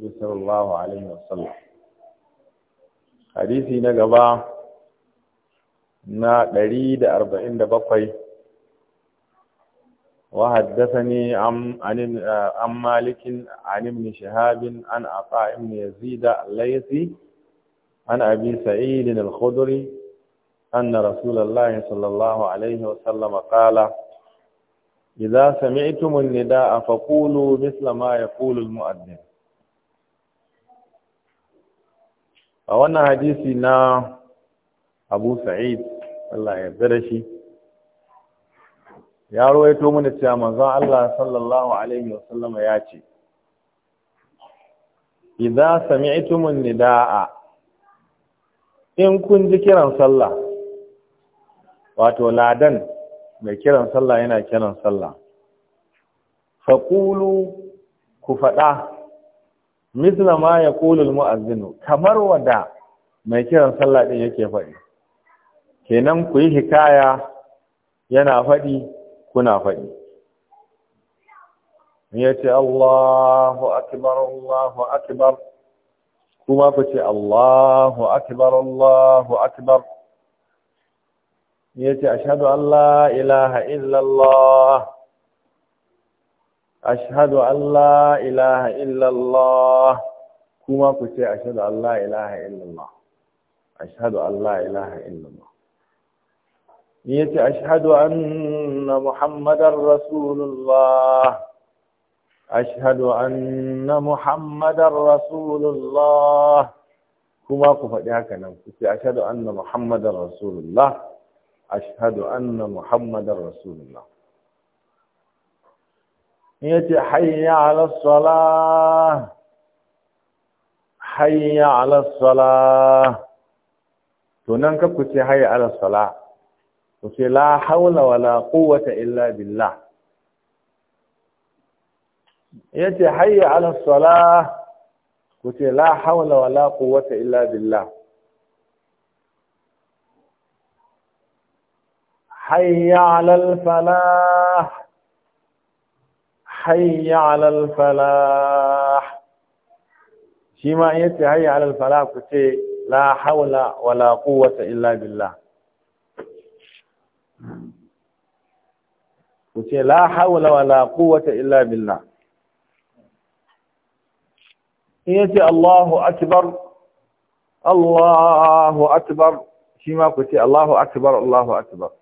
Hadisi صلى na gaba na 147 wa haddathani am anin am malik an ibn shahab an ata ibn yazid laysi an abi sa'id al-khudri anna rasulullah sallallahu alayhi wa sallam an-nidaa faqulu mithla al-mu'adhdhin a wannan hadisi na abu sa'id Allah ya yarda da shi ya rawaito mana cewa manzon Allah sallallahu alaihi wasallam ya ce idza sami'tum nidaa in kun ji kiran sallah wato ladan mai kiran sallah yana kiran sallah faqulu ku faɗa misla ma ya kulul mu'azzinu kamar wada mai kiran sallah din yake faɗi kenan ku yi hikaya yana faɗi kuna faɗi ya ce Allahu akbar Allahu akbar kuma ku ce Allahu akbar Allahu akbar ya ce ashhadu an la ilaha illallah ashhadu an la ilaha illallah kuma ku ce ashhadu an la ilaha illallah ashhadu an la ilaha illallah yace ashhadu anna muhammadar rasulullah ashhadu anna muhammadar rasulullah kuma ku faɗi haka nan ku ce ashhadu anna muhammadar rasulullah ashhadu anna muhammadar rasulullah يتي حي على الصلاة حي على الصلاة تنانك كتي حي على الصلاة كتي لا حول ولا قوة إلا بالله يتي حي على الصلاة كتي لا حول ولا قوة إلا بالله حي على الفلاح hayya alal falah shi ma in la hawla wala quwwata illa billah ku ce la hawla wala quwwata illa billah in yace Allahu akbar Allahu Allahu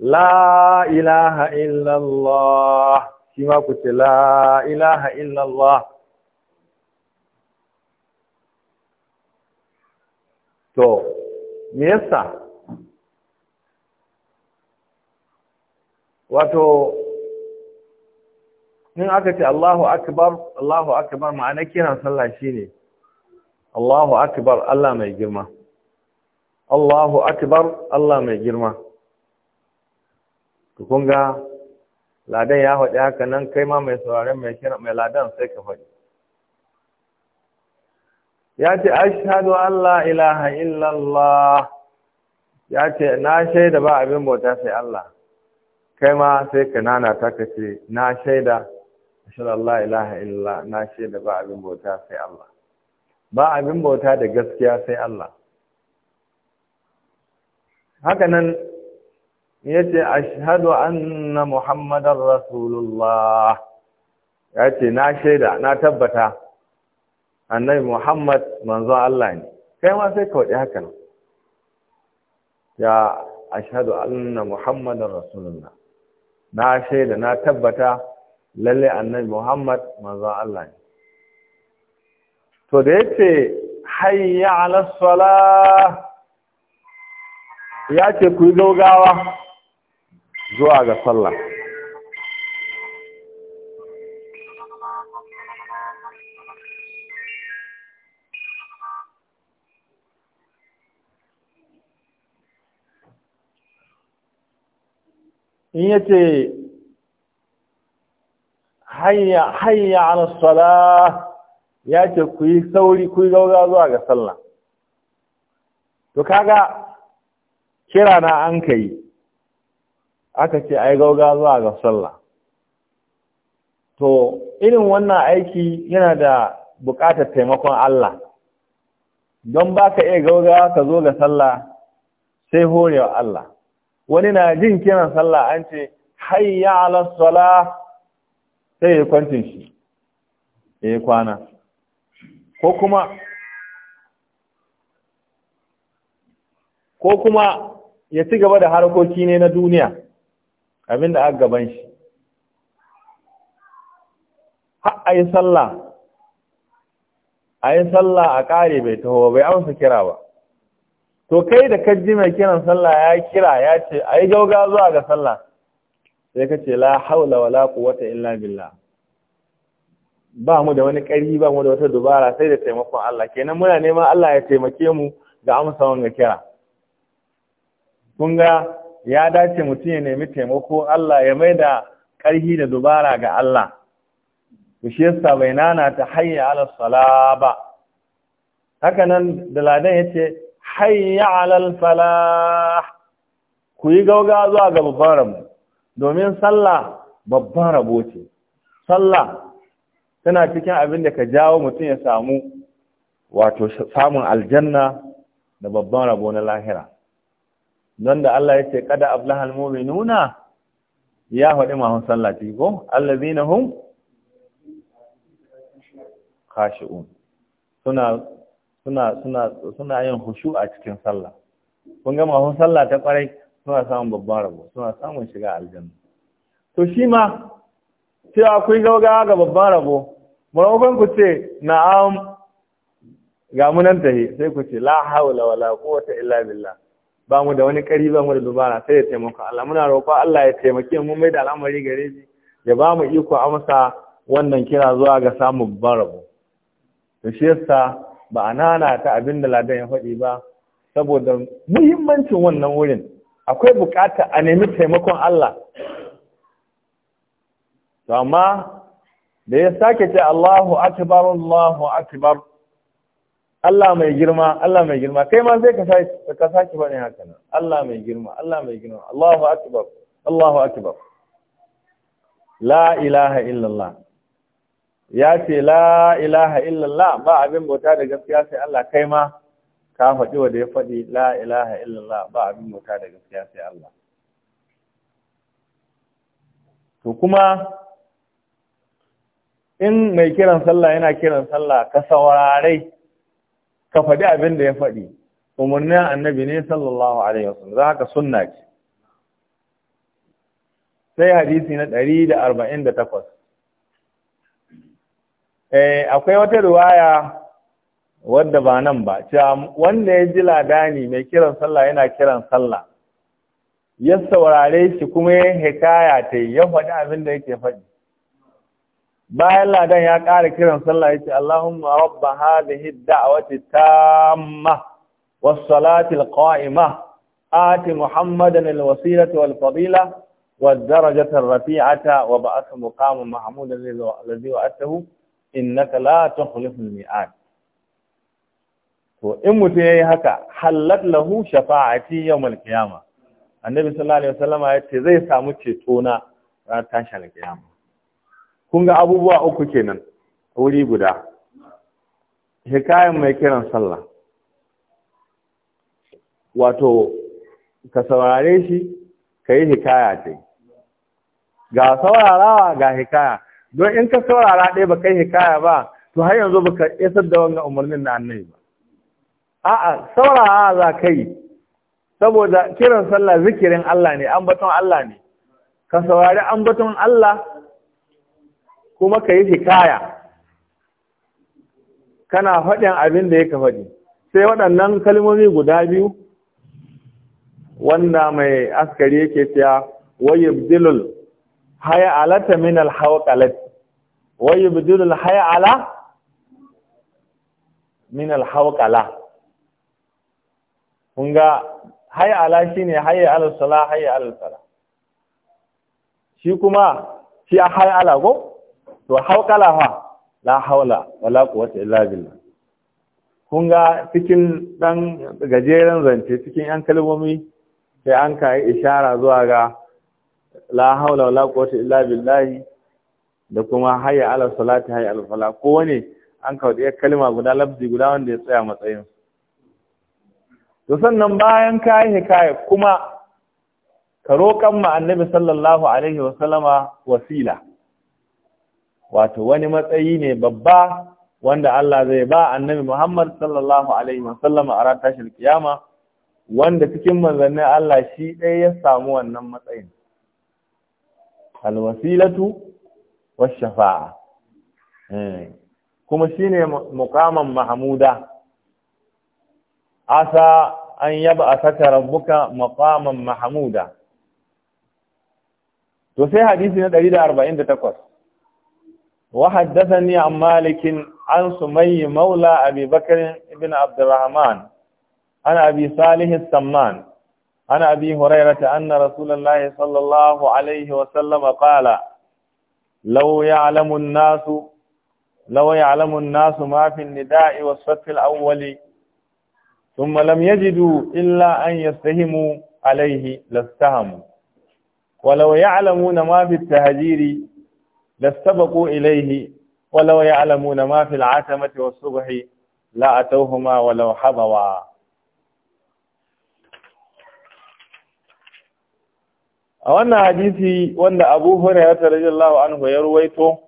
la ilaha illallah shi ma ku ce la ilaha illallah to me yasa wato in aka ce Allahu akbar Allahu akbar ma'ana kiran sallah shine Allahu akbar Allah mai girma Allahu akbar Allah mai girma Ka kun ga ladan ya faɗi haka nan kai ma mai sauraron mai kira mai ladan sai ka faɗi ya ce ashadu allah ilaha illallah ya ce na shaida ba abin bauta sai Allah kai ma sai ka nana ta ka ce na shaida ashadu allah ilaha illallah na shaida ba abin bauta sai Allah ba abin bauta da gaskiya sai Allah haka nan yace ashhadu anna muhammadar rasulullah yace na shaida na tabbata annabi muhammad manzon Allah ne kai ma sai ka wadi haka nan ya ashhadu anna muhammadar rasulullah na shaida na tabbata lalle annabi muhammad manzon Allah ne to da yace hayya ala salah ya ce ku yi gaugawa zuwa ga sallah in yace hayya hayya ala salah ce ku yi sauri ku yi gauza zuwa ga sallah to kaga kira na an kai aka ce ai gauga zuwa ga sallah to irin wannan aiki yana da buƙatar taimakon Allah don ba ka iya gauga ka zo ga sallah sai hore wa Allah wani na jin kiran sallah an ce hayya ala sala sai ya kwantin shi ya yi kwana ko kuma ko kuma ya ci gaba da harkoki ne na duniya abin da aka gaban shi Ha a sallah a yi sallah a ƙare bai taho bai amsa kira ba to kai da kaji mai kiran sallah ya kira ya ce a yi gauga zuwa ga sallah sai ka ce la haula wala quwwata illa billah ba mu da wani ƙari ba mu da wata dubara sai da taimakon Allah kenan muna neman Allah ya taimake mu da amsa wanga kira kun ga ya dace mutum ya nemi taimako Allah ya mai da ƙarfi da dubara ga Allah Kushe yasa bai nana ta hayya alal sala ba haka nan da ladan yace hayya ala ku yi gauga zuwa ga babban rabo domin sallah babban rabo ce sallah tana cikin abin da ka jawo mutum ya samu wato samun aljanna da babban rabo na lahira don da Allah ya ce kada ablahal nuna, ya faɗi mahun sallati ko Allah hum khashi'un suna suna suna suna yin a cikin sallah kun ga mahun sallah ta ƙwarai? suna samun babban rabo suna samun shiga aljanna to shi ma cewa kun gaugawa ga babban rabo maimakon ku ce na'am ga munan tahi sai ku ce la haula wala quwwata illa billah ba mu da wani ƙari ba mu da dubara sai ya taimako Allah muna roƙo Allah ya taimake mu mai da al'amari gare shi ya ba mu iko amsa wannan kira zuwa ga samun barabu to shi yasa ba a nana ta abin da ladan ya faɗi ba saboda muhimmancin wannan wurin akwai bukata a nemi taimakon Allah to amma da ya sake ce Allahu akbar Allahu akbar Allah mai girma Allah mai girma kai ma sai ka sake bane haka nan Allah mai girma Allah mai girma Allahu akbar Allahu akbar la ilaha illallah ya ce la ilaha illallah ba abin bauta da gaskiya sai Allah kai ma ka faɗi wa da ya faɗi la ilaha illallah ba abin bauta da gaskiya sai Allah to kuma in mai kiran sallah yana kiran sallah ka saurare ka faɗi abin da ya faɗi umarnin annabi ne sallallahu alaihi wasallam za ka sunna ce sai hadisi na da eh akwai wata riwaya wadda ba nan ba cewa wanda ya ji ladani mai kiran sallah yana kiran sallah ya saurare shi kuma ya hikaya ta yi. ya faɗi abin da yake faɗi bayan ladan ya ƙara kiran sallah yace Allahumma Hidda hadhihi ad-da'wati tamma was-salati al-qa'imah ati Muhammadan al-wasilata wal-fadila wad-darajata ar-rafi'ata wa ba'ath muqama mahmudan alladhi wa'atahu innaka la tukhlifu al-mi'ad to in mutum yayi haka halat lahu shafa'ati yawm al-qiyamah annabi sallallahu alaihi wasallam yace zai samu ceto na ran tashin al-qiyamah kun ga abubuwa uku kenan wuri guda hikayen mai kiran sallah wato ka saurare shi ka yi hikaya ce ga saurarawa ga hikaya don in ka saurara ɗaya ba kai hikaya ba to har yanzu ba ka isar da wanga umarnin na annabi ba a'a saurara za ka yi saboda kiran sallah zikirin Allah ne ambaton Allah ne ka saurari ambaton Allah kuma ka yi hikaya kana faɗin abin da ya faɗi sai waɗannan kalmomi guda biyu wanda mai askari yake cewa bidilul haya alata min alhawqalat bidilul haya ala min alhawqala kun ga haya ala shine haya ala sala haya ala sala shi kuma shi haya ala go to haukala fa la haula wala quwwata illa billah kun ga cikin dan gajeren zance cikin yan kalmomi sai an kai ishara zuwa ga la haula wala quwwata illa billah da kuma hayya ala salati hayya ala fala ko wani an kawo da kalma guda labzi guda wanda ya tsaya matsayin to sannan bayan kayi hikaya kuma ka roƙan ma annabi sallallahu alaihi wasallama wasila wato wani matsayi ne babba wanda Allah zai ba annabi Muhammad sallallahu alaihi wasallam a ran tashin kiyama wanda cikin manzannin Allah shi ɗaya ya samu wannan matsayin alwasilatu washafa'a eh, kuma shine mukaman mahmuda asa an yaba asaka rabbuka maqaman mahmuda to sai hadisi na 148 وحدثني عن مالك عن سمي مولى أبي بكر بن عبد الرحمن عن أبي صالح السمان عن أبي هريرة أن رسول الله صلى الله عليه وسلم قال لو يعلم الناس لو يعلم الناس ما في النداء والصف الأول ثم لم يجدوا إلا أن يستهموا عليه لاستهموا ولو يعلمون ما في التهجير lastabaqu ilayhi walau ya'lamuna ma fil atamati was subhi la atawhuma walau habawa a wannan hadisi wanda Abu Hurairah radiyallahu anhu ya ruwaito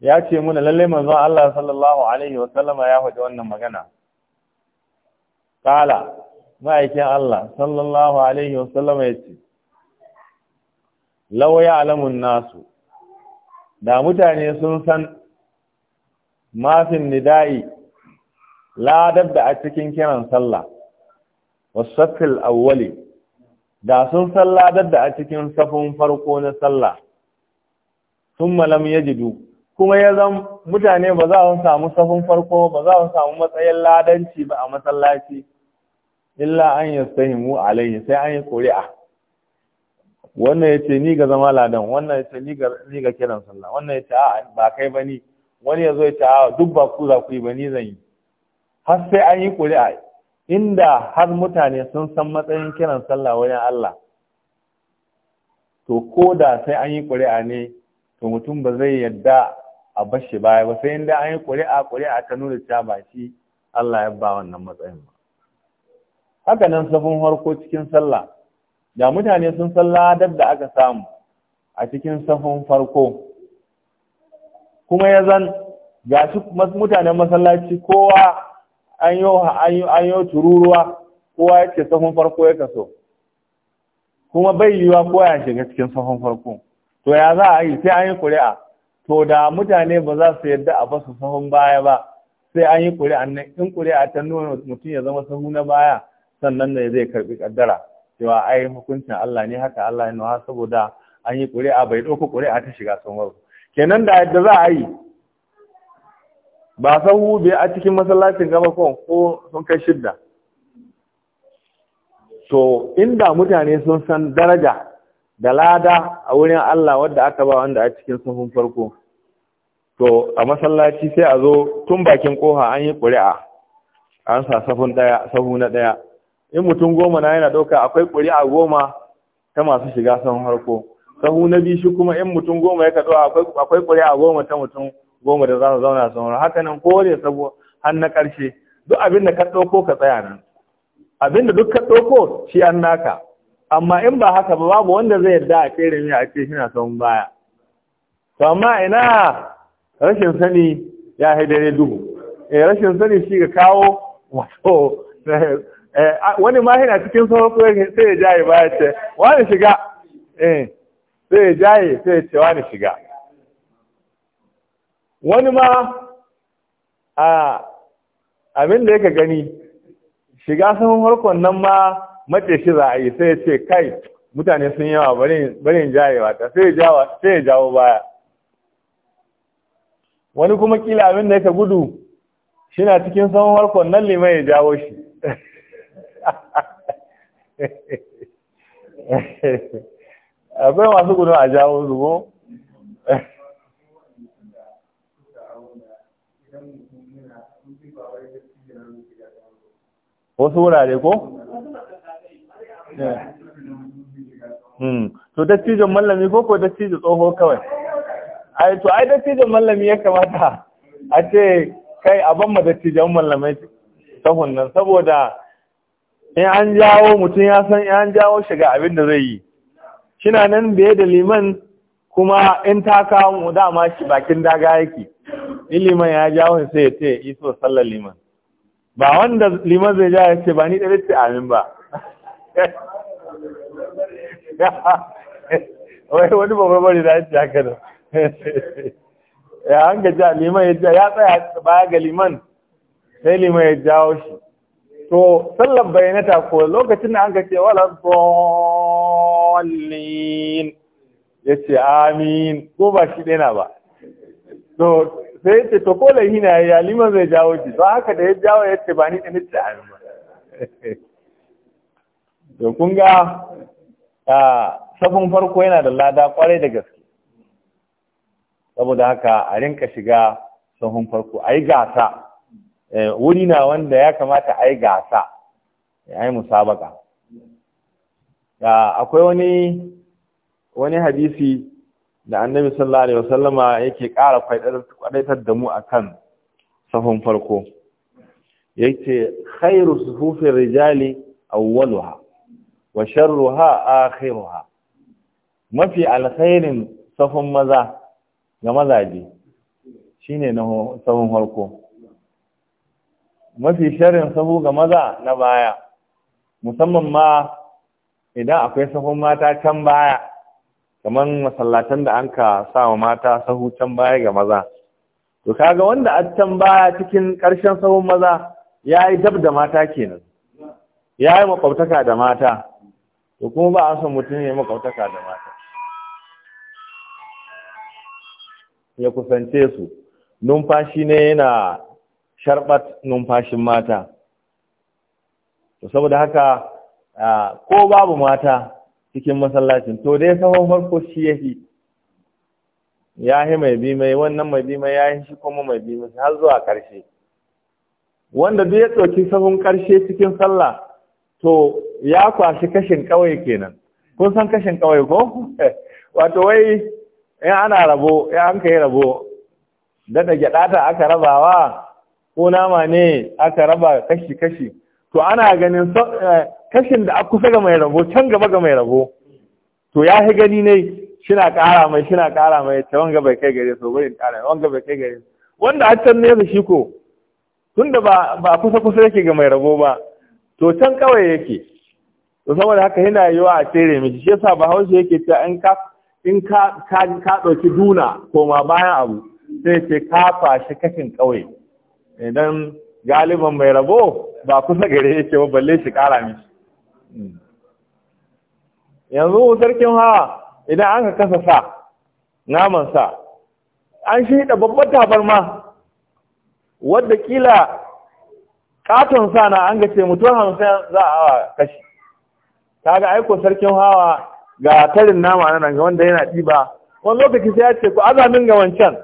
ya ce muna lalle manzon Allah sallallahu alaihi wa sallama ya faɗi wannan magana kala ma'aikin Allah sallallahu alaihi wa sallama ya ce law alamun nasu da mutane sun san mafin nida'i ladab da a cikin kiran sallah wasafil awwali da sun san ladab da a cikin safin farko na sallah sun malam ya kuma ya zan mutane ba za su samu safin farko ba za su samu matsayin ladanci ba a masallaci illa an yastahimu alaihi sai an yi ƙuri'a wannan ya ce ni ga zama ladan wannan ya ce ni ga kiran sallah wannan ya ce a ba kai ba ni wani ya zo ya ce a duk ba ku za ku yi ba ni zan yi har sai an yi ƙuri'a inda har mutane sun san matsayin kiran sallah wajen Allah to ko da sai an yi ƙuri'a ne to mutum ba zai yarda a bashi baya ba sai inda an yi ƙuri'a ƙuri'a ta nuna cewa ba shi Allah ya ba wannan matsayin ba haka nan safin farko cikin sallah da mutane sun san ladar da aka samu a cikin sahun farko kuma ya zan ga shi mutanen masallaci kowa an yi tururuwa kowa ya ce sahun farko ya kaso kuma bai yiwa kowa ya shiga cikin sahun farko to ya za a yi sai an yi kuri'a to da mutane ba za su yarda a basu sahun baya ba sai an yi kuri'a nan in kuri'a ta nuna mutum ya zama sahu na baya sannan ne zai karbi kaddara cewa ai hukuncin Allah ne haka Allah ne ha saboda an yi ƙuri'a bai ɗauka ƙuri'a ta shiga sanwar kenan da yadda za a yi ba san hube a cikin masallacin gaba ko sun kai shidda to inda mutane sun san daraja da lada a wurin Allah wadda aka ba wanda a cikin sahun farko to a masallaci sai a zo tun bakin koha an yi ƙuri'a an sa sahun na ɗaya in mutum goma na yana ɗauka akwai ƙuri'a goma ta masu shiga son harko sahu na biyu shi kuma in mutum goma ya kaɗo akwai ƙuri'a goma ta mutum goma da za su zauna harko. haka nan kowane sabo har na ƙarshe duk abin da ka ɗauko ka tsaya nan abin da duk ka ɗauko shi an naka amma in ba haka ba babu wanda zai yarda a tsere ne a ce shina son baya to amma ina rashin sani ya haidare duhu eh rashin sani shi ga kawo wato Eh, wani ma yana cikin sauran sai ya jaye ba ya ce wani shiga eh sai ya jaye sai ya ce wani shiga wani ma a abin da yake gani shiga sahun harkon nan ma mace shi za a yi sai ya ce kai mutane sun yawa bari in jayewa ta sai ya jawo baya wani kuma kila abin da yake gudu shi na cikin sahun harkon nan liman ya jawo shi akwai masu gudun a jawo su ko wasu wurare ko? Hmm. to dattijon mallami ko ko dattijo tsoho kawai ai to ai dattijon mallami ya kamata a ce kai a ban ma dattijon mallamai sahun nan saboda in an jawo mutum ya san an jawo shiga abin da zai yi shina nan biye da liman kuma in ta kawo mu dama shi bakin daga yake in liman ya jawo sai ya ce iso sallar liman ba wanda liman zai ja ya ce ba ni ɗari ce amin ba wai wani babbar bari da ya haka da ya hanga ja liman ya ja ya tsaya ba ga liman sai liman ya jawo shi to sallar bayanata ko lokacin da an ka ce wala dallin ya ce amin ko ba shi ɗaya ba to sai ce to ko lai na ya liman zai jawo shi to haka da ya jawo ya ce ba ni ɗin da amin ba to kun ga sabon farko yana da lada kwarai da gaske saboda haka a rinka shiga sahun farko a yi gasa Eh, wuri na wanda ya kamata a yi gasa ya yi musabaka akwai wani hadisi da annabi sallallahu alaihi wasallama yake ƙara kwaɗaitar da mu akan safon farko yake khairu sufufin rijali awwaluha wa sharruha akhiruha mafi alkhairin safon maza ga mazaje shine na safon farko mafi sharin sahu ga maza na baya musamman ma idan akwai sahun mata can baya kamar masallatan da an ka sa wa mata sahu can baya ga maza to kaga wanda a can baya cikin ƙarshen sahun maza ya yi dab da mata kenan ya yi makwabtaka da mata to kuma ba a son mutum ya yi makwabtaka da mata ya kusance su numfashi ne yana sharbat numfashin mata to saboda haka ko babu mata cikin masallacin to dai sahon farko shi fi. ya yi mai bi mai wannan mai bi mai ya yi shi kuma mai bi mai har zuwa ƙarshe wanda duk ya ɗauki sahun ƙarshe cikin sallah to ya kwashi kashin ƙawai kenan kun san kashin ƙawai ko wato wai in ana rabo in an kai rabo da da ta aka rabawa ko nama ne aka raba kashi-kashi to ana ganin eh, kashin da aka kusa ga mai rabo can gaba ga mai rabo to ya yi gani ne shina ƙara mai shina ƙara mai ta wanga bai kai gare so bai ƙara wanga bai kai gare wanda a can nesa shi ko tunda ba ba kusa kusa yake ga mai rabo ba to can kawai yake to saboda haka yana yiwa a tsere mai shi yasa ba hausa yake ta an ka in ka ka ɗauki duna ma bayan abu sai ce kafa shi kashin kawai. idan galiban mai rabo ba kusa gare yake ba balle shi kara mi yanzu sarkin hawa idan an ka kasa sa naman sa an da babbar tabarma wadda kila katon sa na an gace mutum hamsin za a kashi Ta ga aiko sarkin hawa ga tarin nama nan ga wanda yana ɗiba wani lokaci sai ya ce ku azamin ga wancan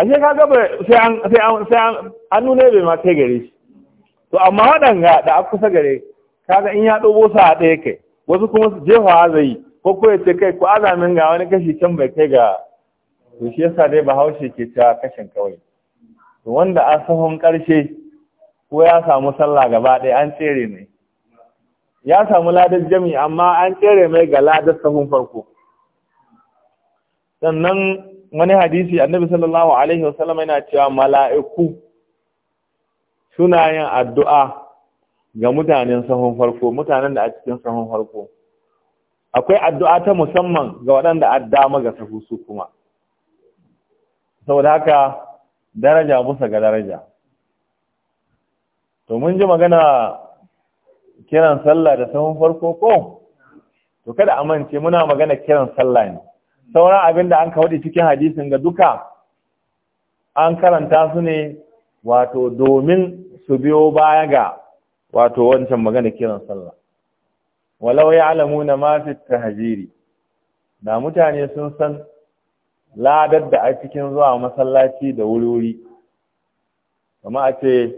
ashe ka gaba sai an sai an sai an an nuna bai ma kai gare shi to amma waɗanga da aka kusa gare kaga in ya ɗobo sa a ɗaya kai wasu kuma su jefa zai ko ko yace kai ko azamin ga wani kashi can bai kai ga to shi yasa dai bahaushe ke ta kashin kawai to wanda a sahun ƙarshe ko ya samu sallah gaba ɗaya an tsere mai ya samu ladar jami amma an tsere mai ga ladar sahun farko sannan wani hadisi annabi sallallahu alaihi wasallam yana cewa mala'iku suna yin addu'a ga mutanen sahun farko mutanen da a cikin sahun farko akwai addu'a ta musamman ga waɗanda addama ga sahu su kuma saboda haka daraja musa ga daraja to mun ji magana kiran sallah da sahun farko ko to kada amince muna magana kiran sallah ne sauran abin da an kawaɗe cikin hadisin ga duka an karanta su ne wato domin su biyo baya ga wato wancan magana kiran sallah walau ya alamu na masu tahajiri da mutane sun san ladar da a cikin zuwa masallaci da wuri-wuri kama a ce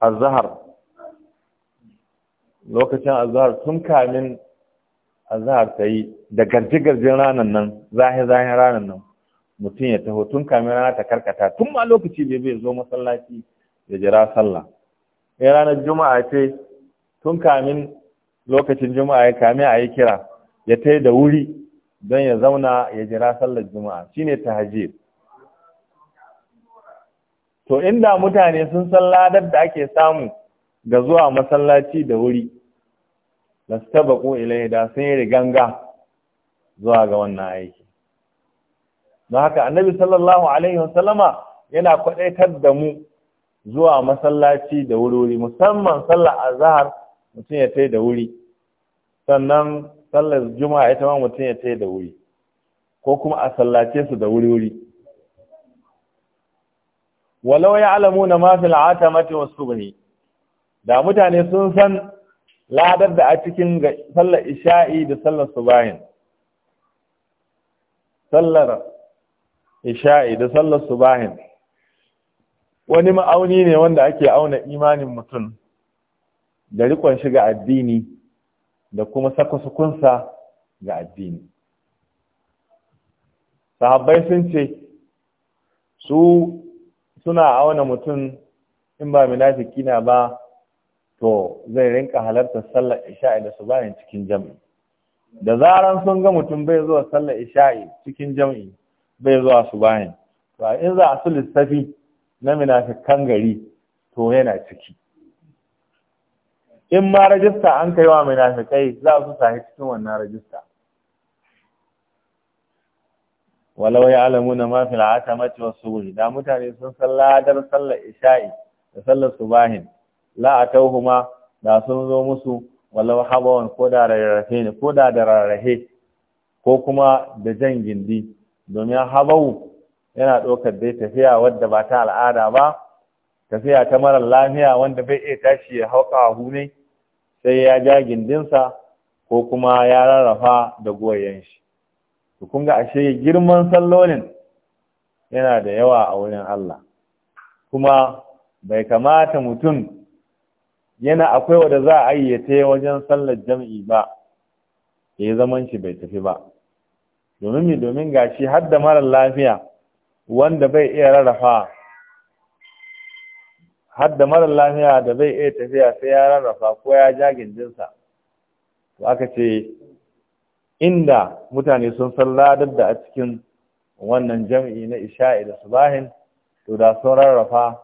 azahar lokacin azahar tun kamin azhar ta yi da garje-garjen ranar nan zahe-zahen ranar nan mutum ya taho tun kamin rana ta karkata tun ma lokaci bai bai zo masallaci ya jira sallah in ranar juma'a ce tun kamin lokacin juma'a ya kame a yi kira ya tai da wuri don ya zauna ya jira sallar juma'a shine tahajjud to inda mutane sun san ladar da ake samu ga zuwa masallaci da wuri lastabaqu ilayhi da sun yi riganga zuwa ga wannan aiki don haka annabi sallallahu alaihi wasallama yana kwadaitar da mu zuwa masallaci da wuri musamman sallar azhar mutum ya tai da wuri sannan sallar juma'a ita ma mutum ya tai da wuri ko kuma a sallace su da wuri-wuri walau ya alamu na mafi la'ata mati wasu da mutane sun san ladar da a cikin ga sallar isha'i da sallar subahin sallar isha'i da sallar subahin wani ma'auni ne wanda ake auna imanin mutum da rikon shi ga addini da kuma sakwasakunsa ga addini sahabbai sun ce su suna auna mutum in ba minafiki na ba to zai rinka halartar sallar isha'i da su bayan cikin jam'i da zaran sun ga mutum bai zuwa sallar isha'i cikin jam'i bai zuwa su bayan, to a in za a su lissafi na minafikan gari to yana ciki in ma rajista an kai wa munafikai za su sahi cikin wannan rajista walau ya alamu na mafi la'ata mace wasu wuri da mutane sun san ladar sallar isha'i da sallar subahin la atauhuma da sun zo musu walau habawan ko da rarrahe ne ko da da rarrahe ko kuma da jan gindi domin habawu yana ɗaukar dai tafiya wadda ba ta al'ada ba tafiya ta marar lafiya wanda bai iya tashi ya hau ƙahu ne sai ya ja gindinsa ko kuma ya rarrafa da goyon shi to kun ga ashe girman sallolin yana da yawa a wurin Allah kuma bai kamata mutum yana akwai wanda za a yi ta wajen sallar jam'i ba ya yi zaman shi bai tafi ba domin mi domin gashi har da marar lafiya wanda bai iya rarrafa har da lafiya da bai iya tafiya sai ya rarrafa ko ya ja gindinsa to aka ce inda mutane sun san ladar da a cikin wannan jam'i na isha'i da subahin to da sun rarrafa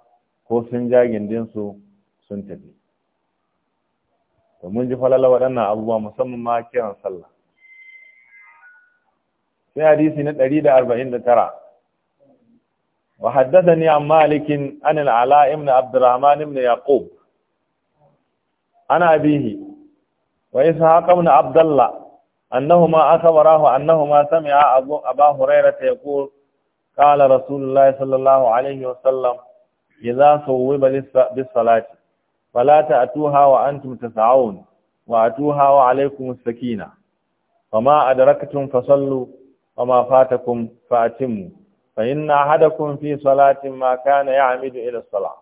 ko sun ja gindinsu sun tafi Da mun ji falala waɗannan abubuwa musamman ma kiran sallah sai hadisi na 149 wa haddathani an ni an al-ala ibn abdurrahman ibn yaqub ana bihi wa ishaq ibn abdullah أنهما أخبراه أنهما سمع أبا هريرة يقول قال رسول الله صلى الله عليه وسلم إذا صوب بالصلاة fala ta'tuha wa antum tas'aun wa atuha wa alaykum as-sakina fama adraktum fasallu wama fatakum fa'timu fa inna ahadakum fi salatin ma kana ya'midu ila as-salah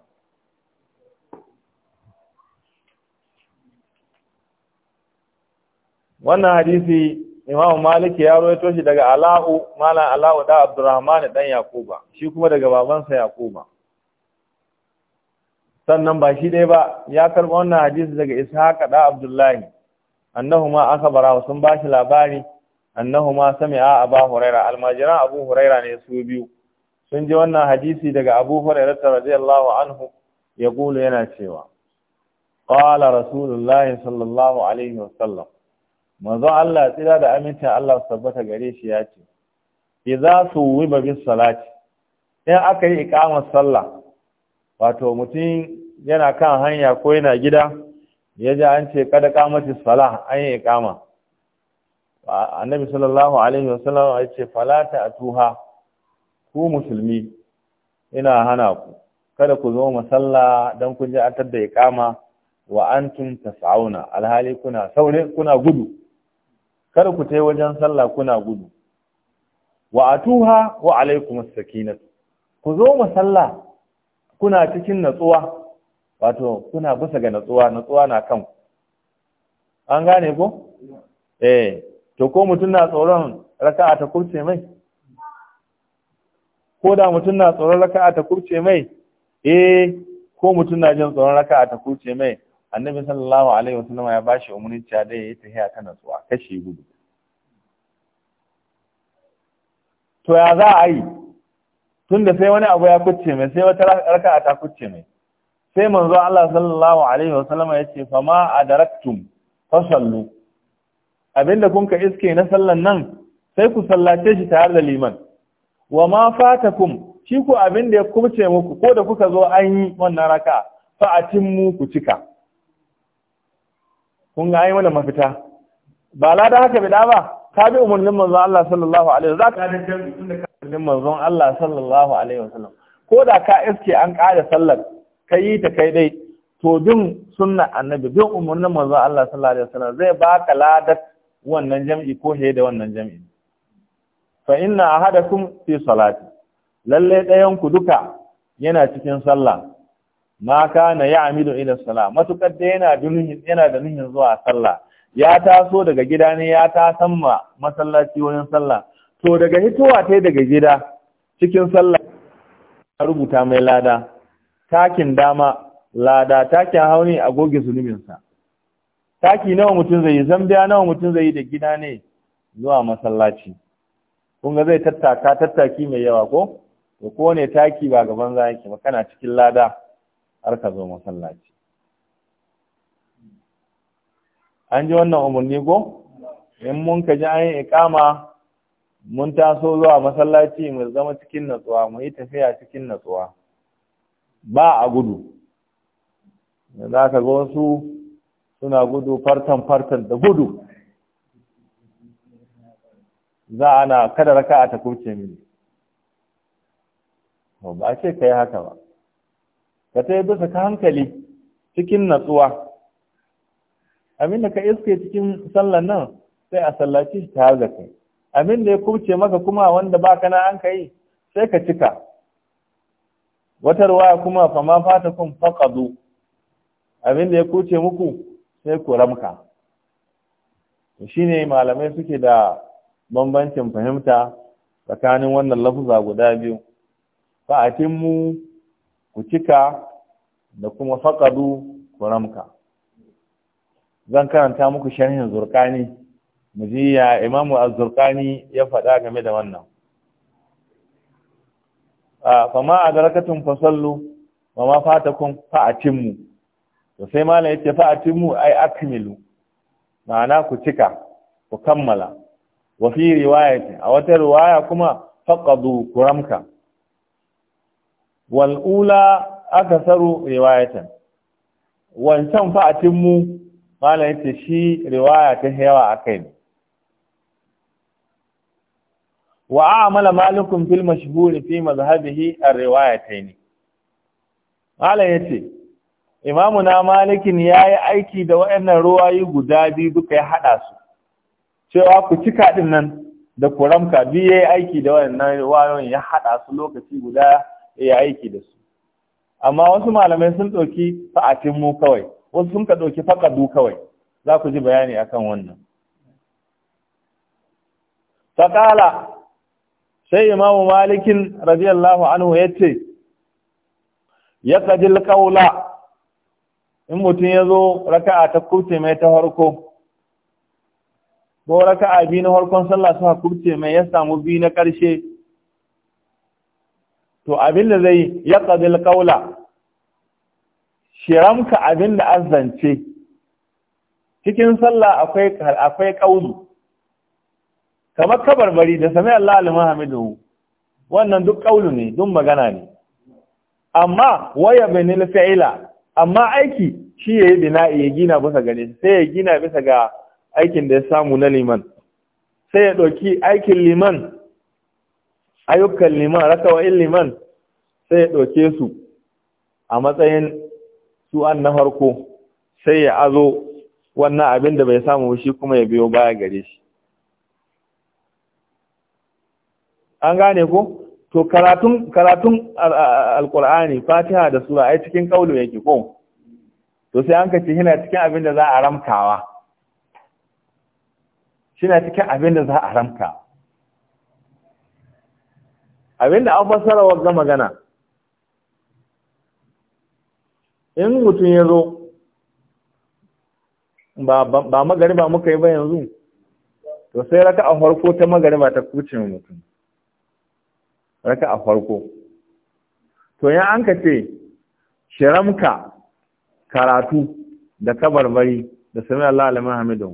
wannan hadisi Imam Maliki ya rawaito shi daga Ala'u malam Ala'u da Abdurrahman dan Yakuba shi kuma daga babansa Yakuba sannan ba shi ɗaya ba ya karɓi wannan hadisi daga ishaqa da abdullahi annahuma akhbara sun ba shi labari annahuma sami'a aba huraira almajiran abu huraira ne su biyu sun ji wannan hadisi daga abu huraira radiyallahu anhu ya kulu yana cewa qala rasulullahi sallallahu alaihi sallam! manzo Allah tsira da amincin Allah tabbata gare shi ya ce idza suwiba bis salati in aka yi iqamar sallah wato mutum yana kan hanya ko yana gida ya ji an ce kada kamata salah an yi kama annabi sallallahu alaihi wasallam ya ce falata atuha ku musulmi ina hana ku kada ku zo masalla dan kun ji atar da ikama wa antum tas'auna alhali kuna saure kuna gudu kada ku tai wajen sallah kuna gudu wa atuha wa alaikumus sakinatu ku zo masalla kuna cikin natsuwa wato kuna bisa ga natsuwa natsuwa na kan an gane ko eh to ko mutum na tsoron raka'a ta kurce mai ko da mutum na tsoron raka'a ta kurce mai eh ko mutum na jin tsoron raka'a ta kurce mai annabi sallallahu alaihi wasallam ya bashi umarni cewa da yayi tahiya ta natsuwa kashi gudu to ya za a yi tunda sai wani abu ya kucce mai sai wata raka'a ta kucce mai sai manzo Allah sallallahu alaihi wasallam ya ce fa ma adaraktum fa sallu abinda kun ka iske na sallan nan sai ku sallace shi tare da liman wa ma fatakum shi ku abinda ya kucce muku ko da kuka zo an yi wannan raka'a fa atimmu ku cika kun ga ayi mana mafita ba da haka bida ba ka bi umarnin manzo Allah sallallahu alaihi wasallam zaka da tunda din manzon Allah sallallahu alaihi wasallam ko da ka iske an kada sallar ka yi ta kai dai to bin sunna annabi bin umarnin manzon Allah sallallahu alaihi wasallam zai baka ladar wannan jam'i ko he da wannan jam'i fa inna ahadakum fi salati lalle ɗayan ku duka yana cikin sallah ma kana ya'midu ila salat matukar da yana dunin yana da nuhin zuwa sallah ya taso daga gida ne ya ta ma masallaci wurin sallah to daga hitowa ta daga gida cikin sallah ta rubuta mai lada takin dama lada takin hauni a goge zunubinsa taki nawa mutum zai yi zambiya nawa mutum zai yi da gida ne zuwa masallaci kunga zai tattaka tattaki mai yawa ko da ko ne taki ba gaban za yake ba kana cikin lada har ka zo masallaci an ji wannan umarni ko in mun ka ji an yi ikama mun taso zuwa masallaci mu zama cikin natsuwa mu yi tafiya cikin natsuwa ba a gudu da za ka ga wasu suna gudu fartan fartan da gudu za a na kada raka a takurce mini ba ce ka yi haka ba ka ta yi bisa ka hankali cikin natsuwa abinda ka iske cikin sallan nan sai a sallaci shi ta har da kai abin da ya kubce maka kuma wanda baka na an kai sai ka cika watarwa kuma fa ma fata kun faqadu abin da ya kuce muku sai ku ramka shine malamai suke da bambancin fahimta tsakanin wannan lafuza guda biyu fa atimmu ku cika da kuma faqadu ku ramka zan karanta muku sharhin zurqani mu ji ya imamu az ya faɗa game da wannan a fama adrakatun fasallu wa ma fatakum fa atimmu to sai malam yace fa atimmu ai akmilu ma'ana ku cika ku kammala wa fi riwayati a wata riwaya kuma faqadu kuramka wal ula saru riwayatan wancan fa atimmu malam yace shi riwaya ta hewa akai ne wa amala malikum fil mashhur fi mazhabihi ar-riwayatayn malam yace imamu na malikin yayi aiki da waɗannan ruwayi guda biyu duka ya hada su cewa ku cika din nan da kuramka biyu yayi aiki da wayannan ruwayoyin ya hada su lokaci guda yayi aiki da su amma wasu malamai sun ɗauki fa'atin mu kawai wasu sun ka ɗauki faƙadu kawai za ku ji bayani akan wannan faƙala sai imamu malikin radiyallahu anhu ya ce ya kajil kaula in mutum ya zo raka'a ta kubce mai ta harko ko raka'a biyu na harkon sallah suka kubce mai ya samu biyu na ƙarshe to abin da zai ya kajil kaula shiramka abin da azance cikin sallah akwai akwai kamar kabarbari da sami Allah alhamdu wannan duk kaulu ne duk magana ne amma waya binil fi'ila amma aiki shi ya yi bina ya gina bisa gane sai ya gina bisa ga aikin da ya samu na liman sai ya ɗauki aikin liman ayyukan liman rakawa'in liman sai ya ɗauke su a matsayin su na farko sai ya azo wannan abin da bai samu shi kuma ya biyo baya gare shi an gane ko to karatun karatun alqur'ani fatiha da sura ai cikin kaulu yake ko to sai an kace yana cikin abin da za a ramkawa shina cikin abin da za a ramka abin da an fassara wa magana in mutum ya zo ba magariba muka yi ba yanzu to sai raka a farko ta magariba ta kuce mutum raka a farko to yan an ka ce shiramka karatu da kabarbari da sami Allah alamin hamidu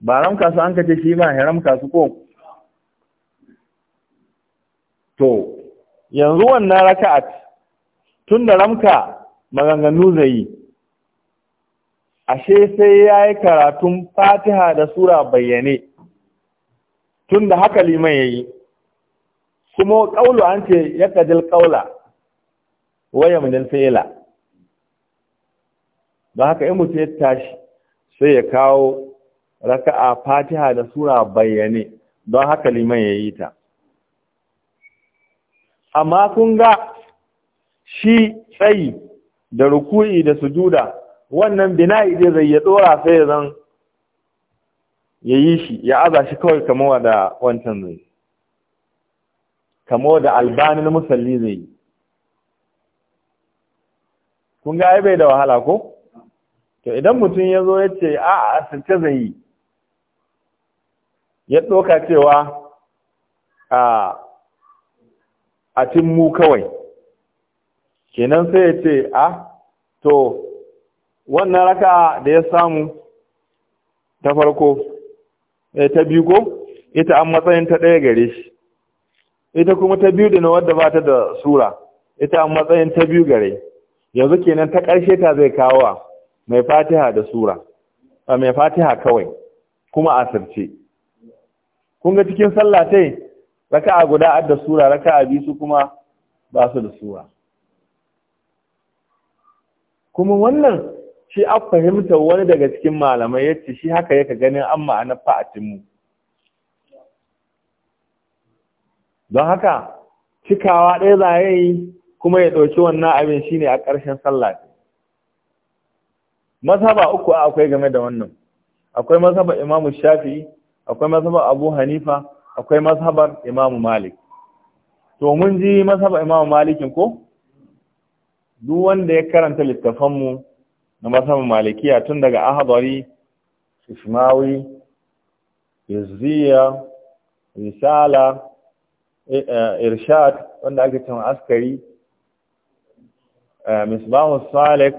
ba ramka su an ka ce shi ba hiramka su ko to yanzu wannan raka'at tun da ramka maganganu zai yi ashe sai ya yi karatun fatiha da sura bayyane tun da haka liman ya yi kuma ƙaulu an ce ya kajil ƙaula waya mudin fela don haka in mutum ya tashi sai ya kawo raka'a fatiha da sura bayyane don haka liman ya yi ta amma kun ga shi tsayi da ruku'i da sujuda wannan bina'i zai zai ya dora sai ya zan ya yi shi ya aza shi kawai kamawa da wancan zai kamo da albanin musalli zai yi kun ga bai da wahala ko to idan mutum ya zo ya ce a a asirce zai yi ya ɗoka cewa a a mu kawai kenan sai ya ce a to wannan raka da ya samu ta farko Eh, ta biyu ko ita an matsayin ta ɗaya gare shi ita kuma ta biyu da na wadda ba ta da sura ita an matsayin ta biyu gare yanzu kenan ta ƙarshe ta zai kawo mai fatiha da sura a mai fatiha kawai kuma a sirce kun ga cikin sallah tai a guda adda sura raka'a biyu su kuma ba su da sura kuma wannan shi a fahimta wani daga cikin malamai ya ce shi haka yaka ganin an ma'ana fa'atinmu don haka cikawa ɗaya za a yi kuma ya ɗauki wannan abin shi ne a ƙarshen sallah masaba uku akwai game da wannan akwai masaba imamu Shafi, akwai masaba abu hanifa akwai masabar imamu malik to mun ji masaba imamu malikin ko duk wanda ya karanta littafanmu na masamin malikiya tun daga ahadari ismawi izziya risala eh, eh, irshad wanda ake cewa askari eh, misbahu salik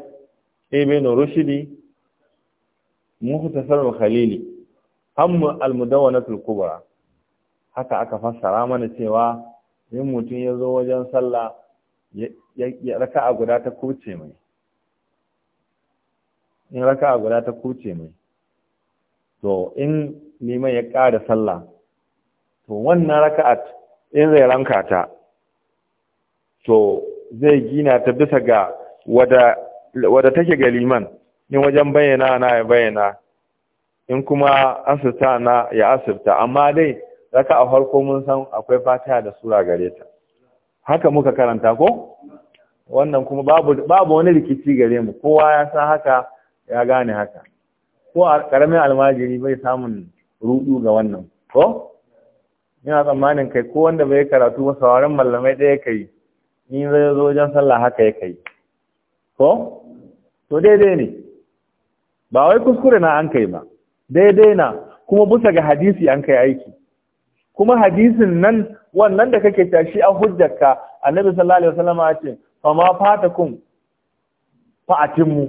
ibn rushdi muhtasar al-khalili hammu al al-kubra haka aka fassara mana cewa in mutum ya zo wajen sallah ya raka'a guda ta kurce mai in raka guda ta kuce mai to in liman ya ƙara sallah to wannan raka'a in zai ranka ta to zai gina ta bisa ga wada wada take ga liman in wajen bayyana na ya bayyana in kuma asirta na ya asirta amma dai raka a farko mun san akwai fatiha da sura gare ta haka muka karanta ko wannan kuma babu babu wani rikici gare mu kowa ya san haka ya gane haka ko a karamin almajiri bai samun rudu ga wannan ko ina tsammanin kai ko wanda bai karatu ba sauraron mallamai ɗaya kai in zai zo wajen sallah haka ya kai ko to daidai ne ba wai kuskure na an kai ba daidai na kuma bisa ga hadisi an kai aiki kuma hadisin nan wannan da kake tashi a hujjarka annabi sallallahu alaihi wasallam ya ce fa ma fatakum fa atimmu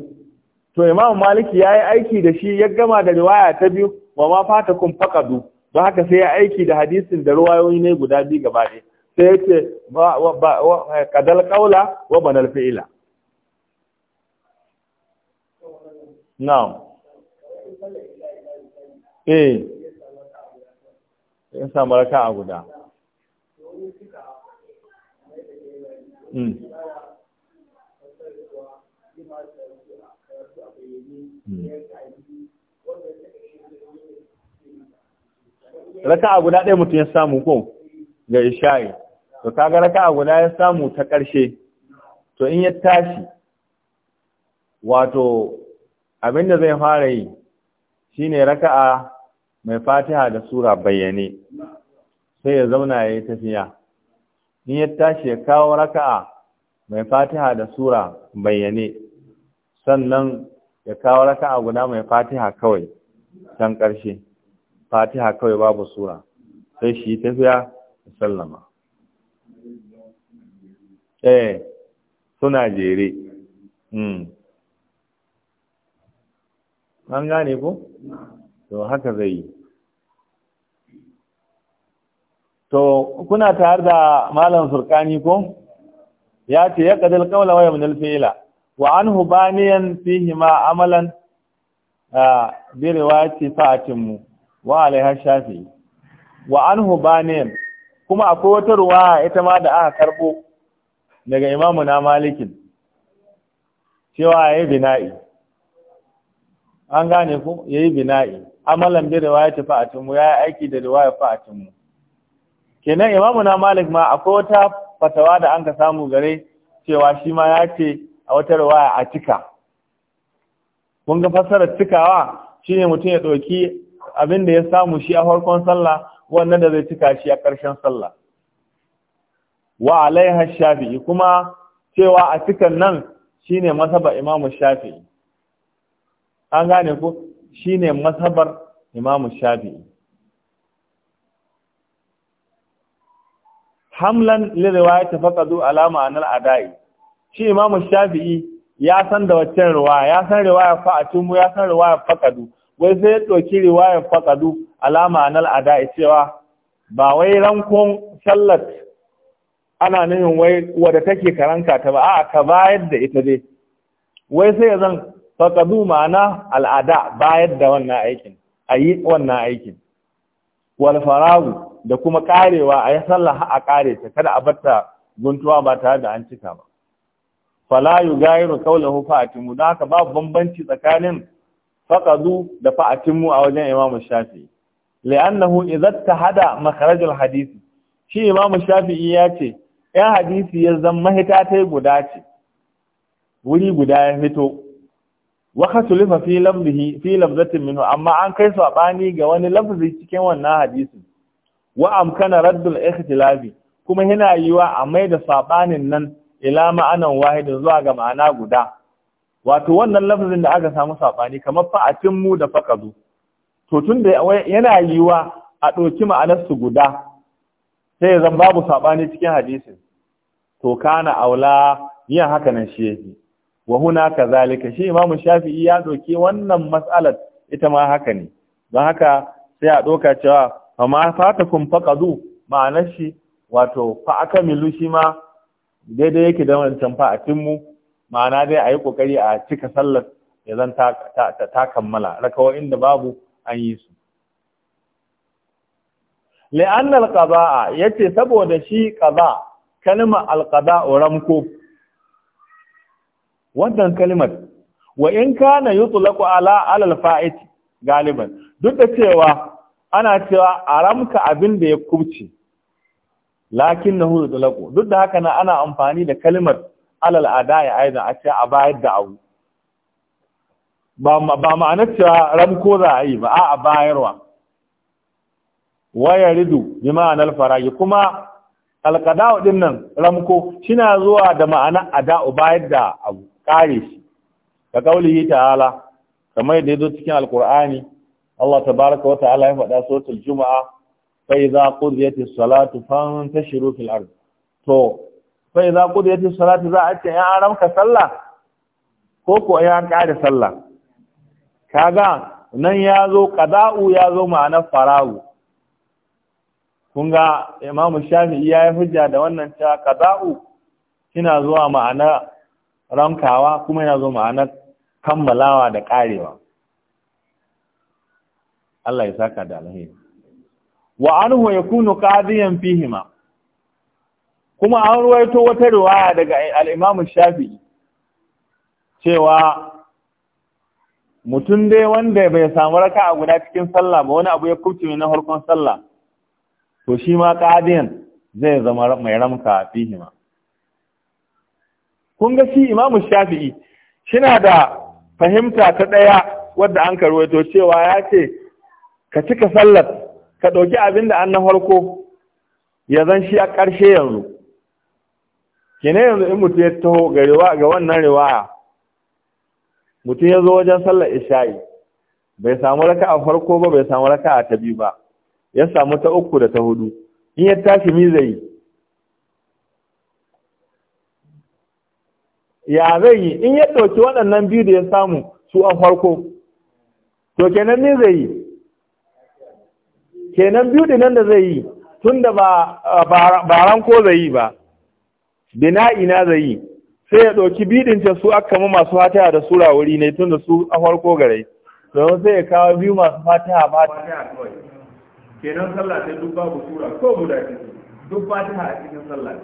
to Imam Maliki ya yi aiki da shi ya gama da riwaya ta biyu wa ma fata kun faqadu don haka sai ya aiki da hadisin da ruwayoyi ne guda biyu gaba ɗaya sai ya ce kadal ƙaula, wa banal fi'ila na'am eh in samu a guda hmm. Hmm. raka'a guda ɗaya mutum ya samu ko ga isha'i to kaga raka'a guda ya samu ta ƙarshe to in ya tashi wato abinda zai fara yi shi shine raka'a mai fatiha da sura bayyane sai ya zauna ya yi tafiya in ya tashi ya kawo raka'a mai fatiha da sura bayyane sannan ya kawo raka'a guda mai fatiha kawai can ƙarshe fatiha kawai babu sura sai shi tafiya da sallama eh suna jere hmm. an gane ko to haka zai yi to kuna tare da malam surkani ko ya ce ya ƙadil qawla wa yamnal fi'la wa anhu baniyan fihi ma amalan bi riwayati fatimu wa alaiha shafi wa anhu baniyan kuma akwai wata ita ma da aka karbo daga imamu na malikin cewa yayi bina'i an gane ku yayi bina'i amalan bi riwayati fatimu yayi aiki da riwayati fatimu kenan imamu na malik ma akwai wata fatawa da an ka samu gare cewa shi ma ya ce a wata riwaya a cika mun ga fassarar cikawa shine mutum ya ɗauki abin da ya samu shi a farkon sallah wannan da zai cika shi a ƙarshen sallah wa alaiha shafi'i kuma cewa a cikan nan shine masaba imamu shafi'i an gane ku. Shi ne masabar imamu shafi'i hamlan li riwayati faqadu ala a adai shi imamu shafi'i ya san da waccan riwaya ya san a tumu ya san riwaya faqadu wai sai ya ɗauki riwaya faqadu alama al'ada ada cewa ba wai rankon sallat ana nufin wai wadda take karanka ta ba a'a ka bayar da ita dai wai sai ya zan faqadu ma'ana al'ada bayar da wannan aikin ayi wannan aikin wal faragu da kuma karewa yi sallah a kare ta kada a batta guntuwa ba tare da an cika ba fala yugayiru qawluhu fa'atimu dan haka babu bambanci tsakanin faqadu da fa'atimu a wajen imamu shafi li'annahu idza tahada hada makarajar hadisi. shi imamu shafi'i ya ce 'yan hadisi ya zan mahita ta guda ce wuri guda ya fito wa tulifa fi fi lafzatin minhu amma an kai saɓani ga wani lafzi cikin wannan hadisi. wa amkana raddul ikhtilafi kuma yana yiwa a mai da saɓanin nan ila ma'anan wahidin zuwa ga ma'ana guda wato wannan lafazin da aka samu sabani kamar fa mu da faqadu to tunda yana yiwa a ɗauki ma'anar su guda sai zan babu sabani cikin hadisin to kana aula yin haka nan shi yake wa huna kazalika shi imamu shafi'i ya doki wannan mas'alar ita ma haka ne don haka sai a doka cewa fa ma fatakum faqadu ma'anar shi wato fa akamilu shi ma daidai yake da wancan fa a timmu ma'ana dai a yi ƙoƙari a cika sallar ya zan ta kammala rakawa inda babu an yi su li'anna al ya yace saboda shi qada kalma al ramko wannan kalmar wa in kana yutlaqu ala al-fa'it galiban duk da cewa ana cewa aramka abin da ya kubce lakin na hudu talaku duk da haka na ana amfani da kalimar alal adaya aida a ce a bayar da abu ba ma'anar cewa ramko za a yi ba a bayarwa waya ridu bi ma'anar kuma alkada'u din nan ramko shina zuwa da ma'ana ada'u bayar da abu kare shi ka kaulihi ta'ala kamar yadda ya zo cikin alkur'ani Allah tabaraka wa ta'ala ya faɗa suratul juma'a فإذا قضيت الصلاة salatu في الأرض تو to قضيت الصلاة ذاك salatu za a ce يا aramka sallah ko كاغا kare sallah kaga nan ya zo qada'u ya zo ma'anar fara'u kun ga imamu shafi'i ya yi hujja da wannan cewa qada'u yana zuwa ma'ana rankawa kuma yana zuwa ma'ana kammalawa da ƙarewa. Allah ya saka da alheri wa anhu yakunu qadiyan fihima kuma an ruwaito wata riwaya daga al-Imam Shafi'i cewa mutum dai wanda bai samu a guda cikin sallah ba wani abu ya kubce na harkon sallah to shi ma qadiyan zai zama mai ramka fihima kun ga shi Imam Shafi'i shina da fahimta ta daya wadda an karwato cewa ya ce ka cika sallar ka ɗauki abin da an na farko ya zan shi a ƙarshe yanzu kine yanzu in mutum ya taho ga wannan riwaya mutum ya zo wajen sallar isha'i bai samu raka a farko ba bai samu raka a ta biyu ba ya samu ta uku da ta hudu in ya tashi mi zai yi ya zai yi in ya ɗauki waɗannan biyu da ya samu su a farko to kenan mi zai yi kenan biyu dinan da zai yi tun da ba ranko zai yi ba bina'i na zai yi sai ya ɗauki bidin ta su aka mu masu fatiha da sura wuri ne tun da su a farko gare don sai ya kawo biyu masu fatiha ba ta kenan sallah sai duk babu sura ko guda duk fatiha a cikin sallah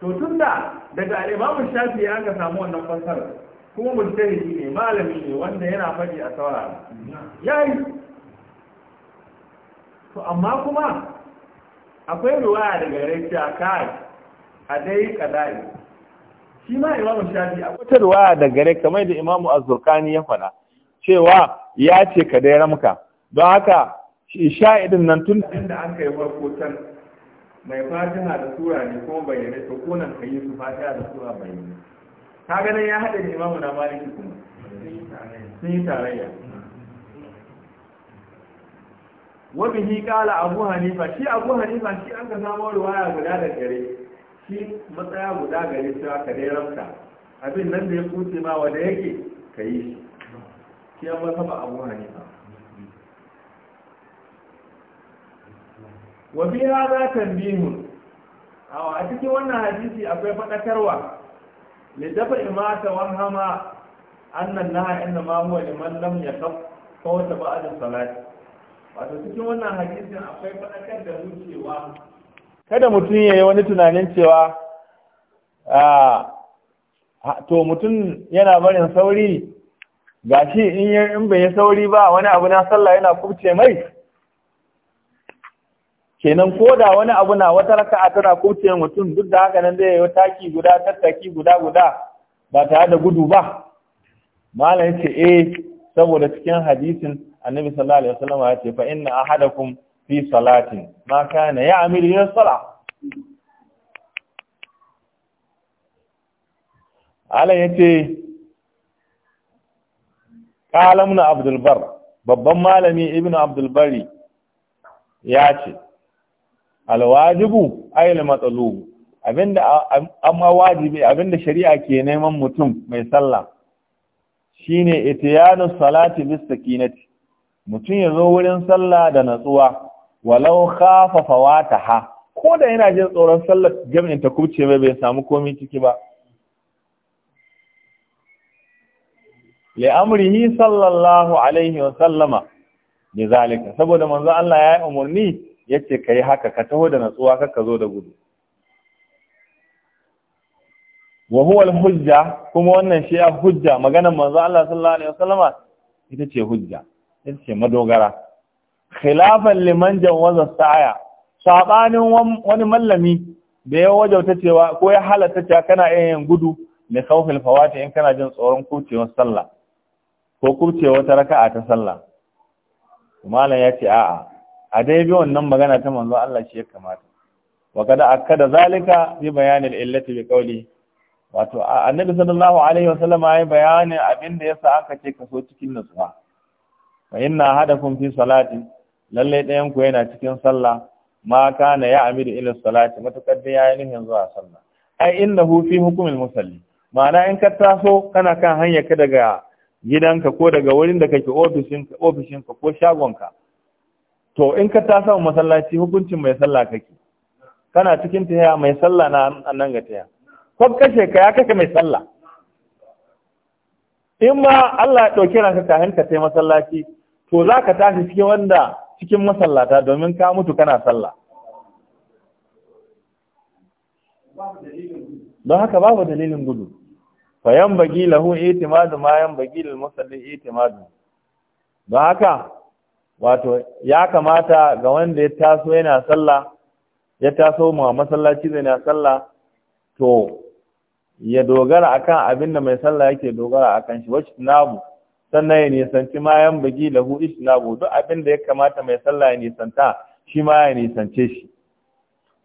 to tun da, daga al'imamun shafi ya ga samu wannan fasar, kuma mujtahidi ne malami ne wanda yana faɗi a saurara yayi to amma kuma akwai ruwaya daga a kai a dai kadai shi ma imamu shafi akwai ta ruwaya daga gare kamar da imamu azurkani ya faɗa cewa ya ce ka dai ramka don haka sha'idin nan tun da an kai farko can mai fatiha da sura ne ko bayyane to ko nan kai su fatiha da sura bayyane ka ganin ya haɗa da imamu na maliki kuma sun yi tarayya Wani wabihi kala abu hanifa shi abu hanifa shi an ka samu ruwaya guda da gare shi matsaya guda gare cewa ka dai ramta abin nan da ya kuce ma wanda yake ka yi shi shi an masa ba abu hanifa wa bi hada tanbihun awa a cikin wannan hadisi akwai fadakarwa li dafa imata wahama annan naha inna ma huwa liman lam yakhaf fawta ba'da salati wato cikin wannan hadisin akwai faɗakar da mu kada mutum ya yi wani tunanin cewa ah, to mutum yana barin sauri gashi in in bai yi sauri ba wani abu na sallah yana kubce mai kenan ko da wani abu na wata raka'a tana kubce mutum duk da haka nan zai yi taki guda tattaki guda guda ba tare da gudu ba malam ce eh saboda cikin hadisin annabi sallallahu alaihi wasallam ya ce fa inna ahadakum fi salatin ma kana ya'malu ila salah Allah yace qala mun abdul bar babban malami ibnu abdul bari ya ce alwajibu ayil matsalubu abinda amma wajibi abinda shari'a ke neman mutum mai sallah shine itiyanu salati bis sakinati mutum ya zo wurin sallah da natsuwa walau khafa fawataha ko da yana jin tsoron sallar jami'in ta kubce mai bai samu komai ciki ba amrihi sallallahu alaihi wa sallama bi zalika saboda manzo Allah ya yi umarni yace kai haka ka taho da natsuwa ka zo da gudu wa huwa al-hujja kuma wannan shi ya hujja maganar manzo Allah sallallahu alaihi wa sallama ita ce hujja ce madogara khilafan liman jawaza sa'a sabanin wani mallami da ya wajauta cewa ko ya halatta cewa kana iya yin gudu mai khawfil fawati in kana jin tsoron kucewar sallah ko kurcewa ta raka'a ta sallah malam ya ce a'a a dai bi wannan magana ta manzo Allah shi ya kamata wa kada akada zalika bi bayanil illati bi qawli wato annabi sallallahu alaihi wasallam ya bayani abin da yasa aka ce kaso cikin nutsuwa fa inna ahadakum fi salati lalle dayan ku yana cikin sallah ma kana ya amiru ila salati matukar da yayi yanzu zuwa sallah ai innahu fi hukumil musalli ma'ana in ka taso kana kan hanyar ka daga gidanka ko daga wurin da kake ofishinka ka ko shagonka to in ka taso masallaci hukuncin mai sallah kake kana cikin taya mai sallah na annan ga taya ko kashe ka ya kake mai sallah in ma Allah ya dauke ranka ka hanka tai masallaci to za ka tashi cikin wanda cikin masallata domin ka mutu kana sallah don haka babu dalilin gudu fa yan bagi lahu itimadu ma yan bagi lil itimadu don haka wato ya kamata ga wanda ya taso yana sallah ya taso ma masallaci zai na sallah to ya dogara akan abin da mai sallah yake dogara akan shi wacce namu sannan ya nisanci ma yan bugi lahu islamu duk abin da ya kamata mai sallah ya nisanta shi ma ya nisance shi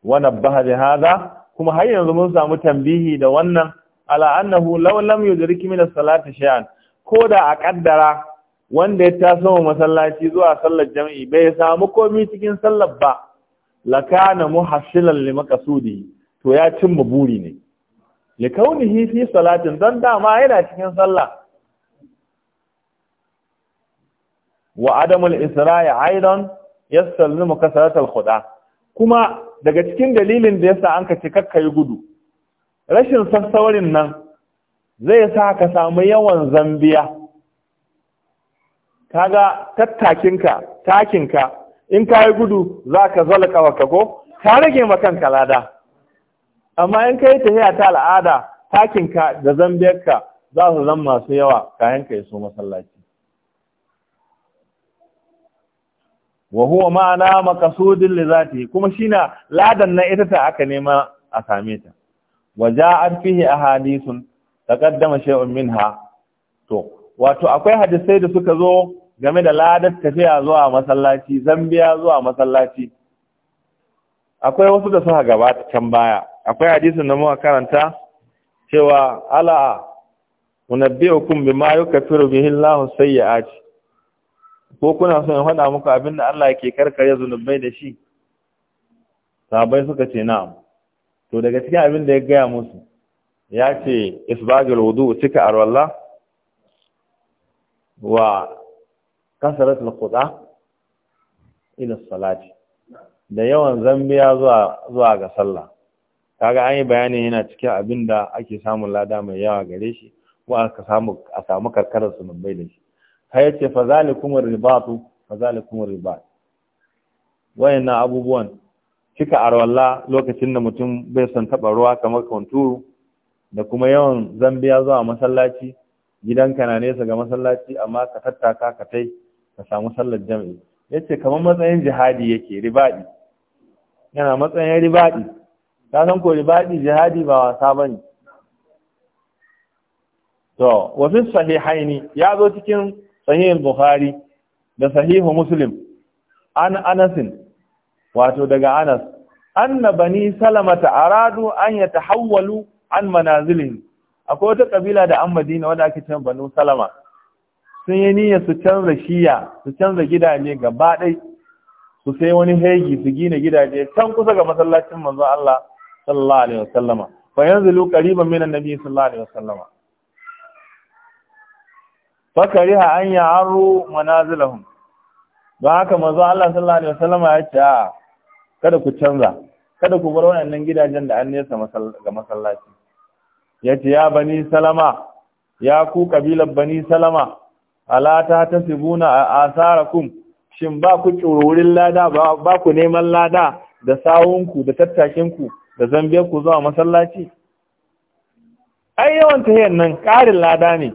wana baha bi hada kuma har yanzu mun samu tambihi da wannan ala annahu law lam yudrik min as-salati shay'an ko da a kaddara wanda ya taso masallaci zuwa sallar jami'i bai samu komai cikin sallar ba lakana muhassilan maqsudi to ya cimma buri ne likaunihi fi salatin dan dama yana cikin sallah wa adamul isra'i aidan yasallimu kasaratul khuda kuma daga cikin dalilin da yasa an ka ci kakkayi gudu rashin sassaurin nan zai sa ka samu yawan zambiya kaga tattakinka takinka in ka yi gudu za ka zalaka wa ko ka rage ma kalada lada amma in ka yi tafiya ta al'ada takinka da zambiyarka za su zama masu yawa kayan ka so masallaci wa huwa ma'ana maqasudin li zatihi kuma shine ladan na ita ta aka nema a same ta wa ja'at fihi ahadithun taqaddama shay'un minha to wato akwai hadisai da suka zo game da ladar tafiya zuwa masallaci zambiya zuwa masallaci akwai wasu da suka gabata can baya akwai hadisin da muka karanta cewa ala unabbi'ukum bima yukaffiru bihi Allahu sayyi'ati ko kuna son in faɗa muku abin da Allah ke karkare zunubai da shi Sabai suka ce na'am to daga cikin abin da ya gaya musu ya ce isbagul wudu cika arwalla wa kasaratul quda ila salati da yawan zambiya zuwa zuwa ga sallah kaga an yi bayanin yana cikin abin da ake samun lada mai yawa gare shi ko aka samu a samu karkarar zunubai da shi har ya ce fazalikum ribatu fazalikum ribat wayannan abubuwan cika arwalla lokacin da mutum bai son taba ruwa kamar konturu da kuma yawan zambiya zuwa masallaci gidan na nesa ga masallaci amma ka tattaka ka tai ka samu sallar jami'i yace kamar matsayin jihadi yake ribadi yana matsayin ribadi ka san ko ribadi jihadi ba wasa bane to wa fi sahihaini ya zo cikin sahih bukhari da sahihu muslim an anasin wato daga anas anna bani salamata aradu an yatahawwalu an manazilin akwai wata kabila da an madina wanda ake cewa banu salama sun yi niyyar su canza shiya su canza gidaje gaba dai su sai wani hegi su gina gidaje can kusa ga masallacin manzo Allah sallallahu alaihi wasallama fa yanzu qariban min annabi sallallahu alaihi wasallama fakariha an ya'aru Manazilahun. don haka manzo Allah sallallahu alaihi ya ce ah, kada ku canza kada ku bar waɗannan gidajen da an nesa ga masallaci yace ya bani salama ya ku kabilar bani salama ala ta tasibuna asarakum shin ba ku tsururin lada ba ku neman lada da sawunku da tattakinku da zambiyarku zuwa masallaci ai yawan tahiyyar nan ƙarin lada ne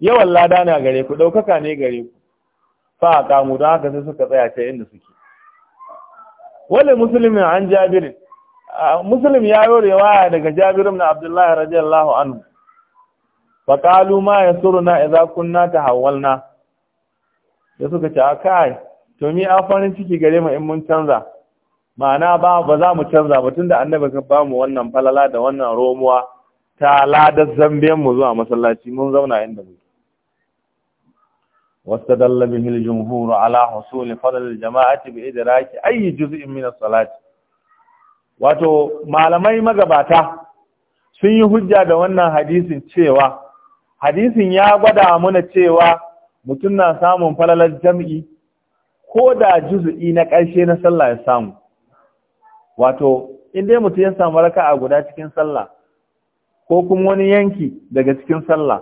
yawan lada na gare ku ɗaukaka ne gare ku fa a kamu don haka sai suka tsaya ta inda suke wani musulmin an jabirin musulmi ya yi riwaya daga jabirin na abdullahi radiyallahu anhu fa kalu ma ya suru na iza kunna ta hawalna da suka ce a kai to mi an farin ciki gare mu in mun canza ma'ana ba ba za mu canza ba tunda annabi ka ba mu wannan falala da wannan romuwa ta ladar zambiyan mu zuwa masallaci mun zauna inda muke واستدل به الجمهور على حصول فضل الجماعة بإدراك أي جزء من الصلاة wato malamai magabata sun yi hujja da wannan hadisin cewa hadisin ya gwada mana cewa mutum na samun falalar jam'i ko da juzu'i na ƙarshe na sallah ya samu wato inda mutum ya samu raka a guda cikin sallah ko kuma wani yanki daga cikin sallah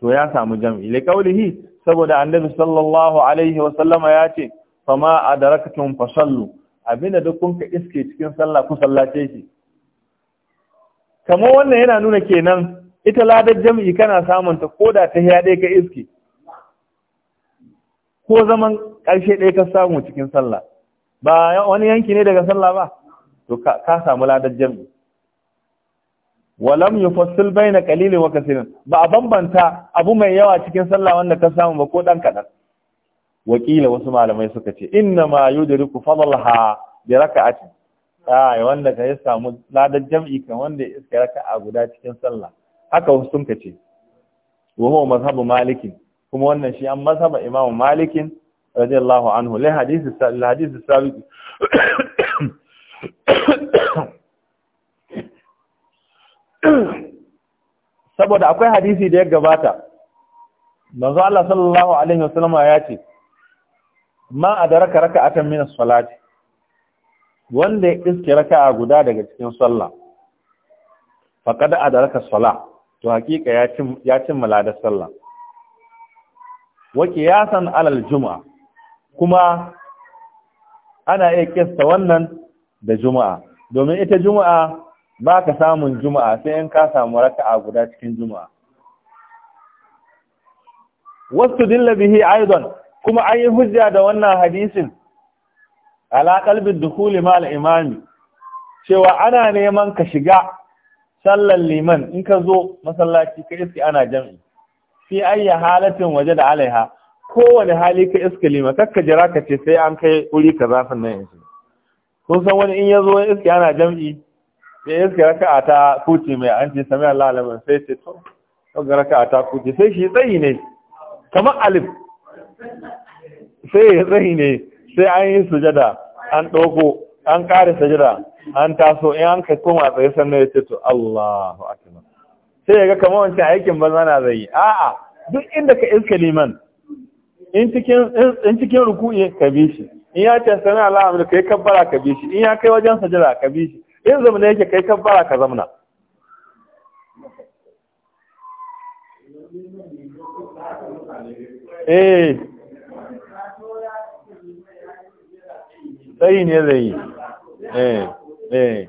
to ya samu jam'i li qaulihi saboda annabi sallallahu alaihi wa sallama ya ce fama fa fasallu abinda duk kun ka iske cikin sallah ku sallace shi kamar wannan yana nuna kenan ita ladar jami'i kana samun ta koda ta hiya dai ka iske ko zaman karshe ɗaya ka samu cikin sallah ba wani yanki ne daga sallah ba to ka samu ladar jami'i walam yufassil baina qalilin wa kasirin ba a bambanta abu mai yawa cikin sallah wanda ka samu ba ko dan kadan wakila wasu malamai suka ce inna ma yudriku fadlaha bi raka'atin ai wanda ka ya samu ladan jam'i kan wanda ya iska a guda cikin sallah haka wasu sun ka ce wa huwa mazhabu maliki kuma wannan shi an mazhaba imamu malikin radiyallahu anhu lai hadisi saboda akwai hadisi da ya gabata manzo Allah sallallahu alaihi wasallam ya ce ma adaraka raka'atan min as-salati wanda ya iske raka'a guda daga cikin sallah faqad adaraka as-salah to hakika ya cin ya cin maladar sallah wa qiyasan alal juma'a? kuma ana iya kista wannan da juma'a domin ita juma'a ba ka samun juma'a sai in ka samu raka'a guda cikin juma'a wasu dilla bihi aidan kuma an yi hujja da wannan hadisin ala qalbi dukhuli al-imami cewa ana neman ka shiga sallar liman in ka zo masallaci ka iska ana jam'i fi ayya halatin waje da alaiha kowane hali ka iska, liman kakka jira ka ce sai an kai wuri ka zafin nan yanzu kun san wani in ya zo iska ana jam'i sai ya suka raka'a ta kuce mai an ce sami Allah alaman sai ce to ga raka'a ta kuce sai shi tsayi ne kamar alif sai ya tsayi ne sai an yi sujada an ɗauko an ƙare sujada an taso in an kai koma tsaye sannan ya ce to Allahu akbar sai ya ga kamar wancan aikin banza na zai yi a'a duk inda ka iska liman in cikin in cikin ruku'i ka bi shi in ya ce sami Allah alaman kai kabbara ka bi shi in ya kai wajen sujada ka bi shi in zamana yake kai kan fara ka zamana eh tsayi ne zai yi eh eh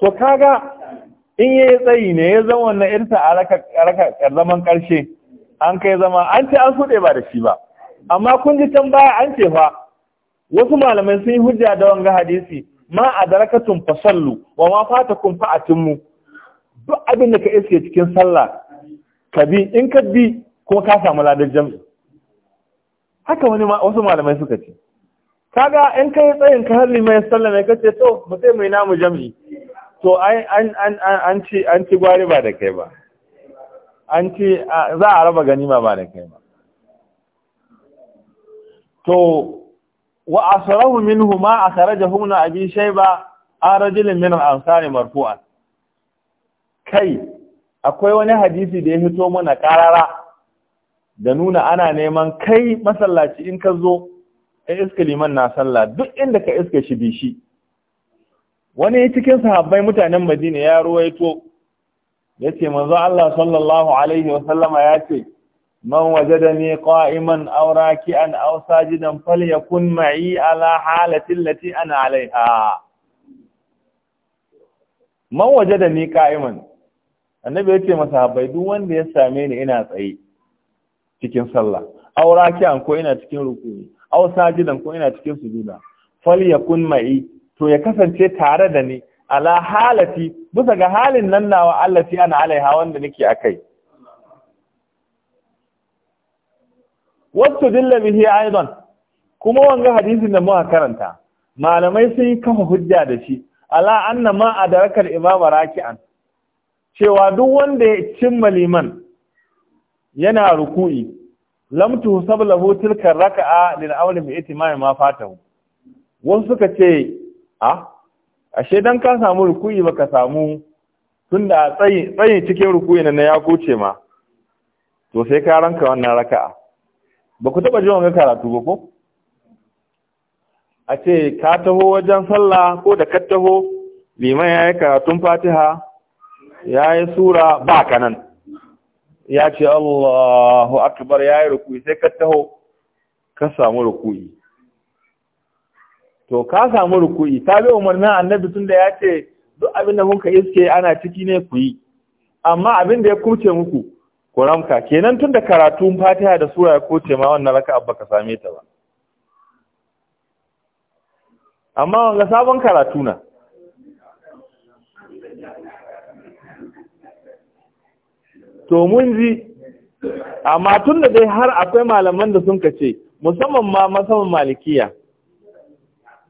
to kaga in yayi tsayi ne ya zama wannan irta a raka zaman karshe an kai zama an ce an kuɗe ba da shi ba amma kun ji can baya an ce fa wasu malamai sun yi hujja da wanga hadisi ma a darakatun fasallu wa ma fata fa atimmu duk abin da ka iske cikin sallah ka bi in ka bi ko ka samu ladar jam'i haka wani wasu malamai suka ce kaga in ka yi tsayin ka halli mai sallah mai kace to mu sai mai namu jam'i to an an ci an ci gwari ba da kai ba an ci za a raba ganima ba da kai ba to wa asrahu minhu ma akhrajahu min abi shayba an rajulin min al-ansari marfu'an kai akwai wani hadisi da ya fito mana karara da nuna ana neman kai masallaci in ka zo ka iska liman na sallah duk inda ka iska shi bishi wani cikin sahabbai mutanen Madina ya ruwaito yace manzo Allah sallallahu alaihi wa sallama ya ce man ƙa'iman, wajadani qa'iman aw raki'an aw sajidan falyakun ma'i ala halati allati ana alaiha. man wajadani ƙa'iman, annabi ya ce masahabbai duk wanda ya same ni ina tsaye cikin sallah aw an ko ina cikin ruku'i ausa sajidan ko ina cikin sujuda falyakun ma'i to ya kasance tare da ni ala halati bisa ga halin nan nawa allati ana alaiha wanda nake akai wasu dilla bihi aidan kuma wanga hadisin da muka karanta malamai sun yi kafa hujja da shi ala anna ma adarakal imama raki'an cewa duk wanda ya cimma liman yana ruku'i lam tu sablahu tilka raka'a lil awli bi itimami ma fatahu wasu suka ce a ashe dan ka samu ruku'i baka samu tunda tsayi tsayi cikin ruku'i na ya goce ma to sai ka ranka wannan raka'a ba ku taɓa jin wani karatu ba ko a ce ka taho wajen sallah ko da ka taho liman ya yi karatun fatiha ya yi sura ba ka nan ya ce allahu akbar ya yi rukui sai ka taho ka samu rukui to ka samu rukuyi ta bi umarnin annabi tun da ya ce duk abin da kuka iske ana ciki ne ku yi amma abin da ya kuce muku Kuramka, kenan tun da karatun fatiha da sura ya koce ma wannan raka ba ka same ta ba amma ga sabon karatu na to mun ji amma tun da dai har akwai malaman da sun kace musamman ma musamman malikiya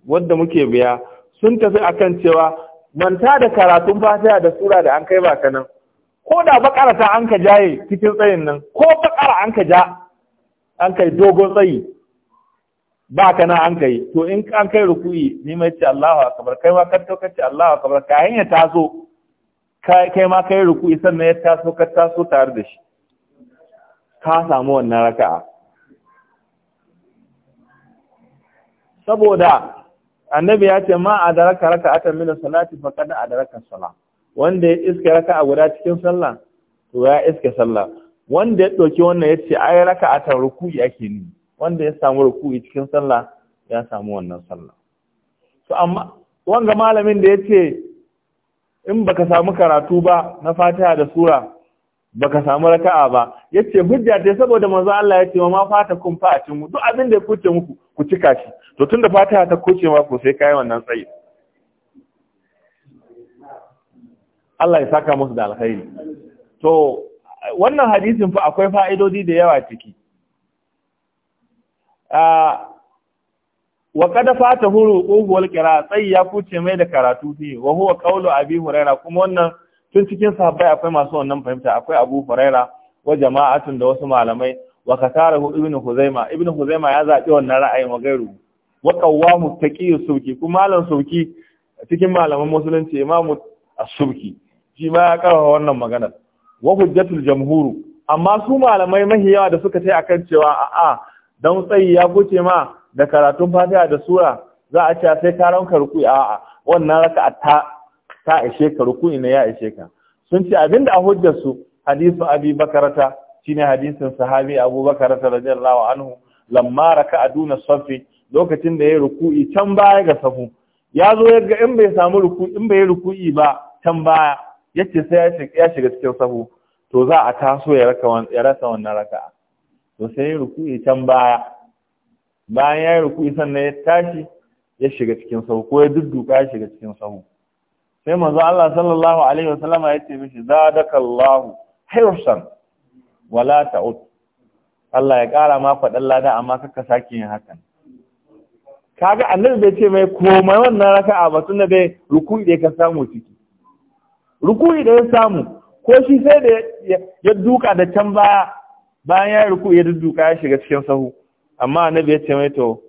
wadda muke biya sun tafi akan cewa manta da karatun fatiha da sura da an kai ba kanan ko da bakara ta an ka jaye cikin tsayin nan ko bakara an ka ja an kai dogon tsayi ba ka na an kai to in an kai ruku'i ni mai ce Allahu akbar kai ma ka ka ce Allahu akbar kayan ya taso kai ma kai ruku'i sannan ya taso ka taso tare da shi ka samu wannan raka'a saboda annabi ya ce ma adaraka raka'atan min salati faqad adaraka salat wanda ya iska raka a guda cikin sallah to ya iska sallah wanda ya ɗauki wannan ya ce ai raka a tan ruku'i ake ni wanda ya samu ruku'i cikin sallah ya samu wannan sallah to amma wanga malamin da ya ce in baka samu karatu ba na fatiha da sura baka samu raka'a ba yace hujja ce saboda manzo Allah yace wa ma fata kun fa duk abin da ya kuce muku ku cika shi to tunda fatiha ta kuce ma ku sai kai wannan tsayi Allah ya saka musu da alkhairi to wannan hadisin fa akwai fa'idodi da yawa ciki wa kada fata huru ƙuguwar kira tsayi ya fuce mai da karatu fi wa huwa qawlu abi huraira kuma wannan tun cikin sahabbai akwai masu wannan fahimta akwai abu huraira wa jama'atun da wasu malamai wa ibnu huzaima ibnu huzaima ya zabi wannan ra'ayin wa gairu wa qawwamu taqiyyu subki kuma malam subki cikin malaman musulunci imamu as-subki shi ma ya karawa wannan maganar wa hujjatul jamhuru amma su malamai yawa da suka ce akan cewa a'a dan tsayi ya goce ma da karatun fatiha da sura za a ce sai ka ranka ruku'i a'a wannan raka ta ta ishe ka ruku'i ne ya ishe ka sun ce abinda a hujjar su hadisu abi bakarata shine hadisin sahabi abu bakarata radiyallahu anhu lamma raka Aduna safi lokacin da ya ruku'i can baya ga safu ya zo ya ga in bai samu ruku'i in bai ruku'i ba can baya ce sai ya shiga cikin sahu to za a taso ya rasa wannan raka'a to sai ya ruku'i can baya bayan ya yi ruku'i sannan ya tashi ya shiga cikin sahu ko ya dudduka ya shiga cikin sahu sai manzo Allah sallallahu alaihi wasallama ya ce mishi zadakallahu hirsan wala ta'ud Allah ya kara ma faɗin lada amma kaka sake yin hakan kaga annabi bai ce mai komai wannan raka'a ba da dai ruku'i da ka samu ciki ruku'i da ya samu ko shi sai da ya duka da can baya bayan ya ruku ya duka ya shiga cikin sahu amma annabi ya ce mai to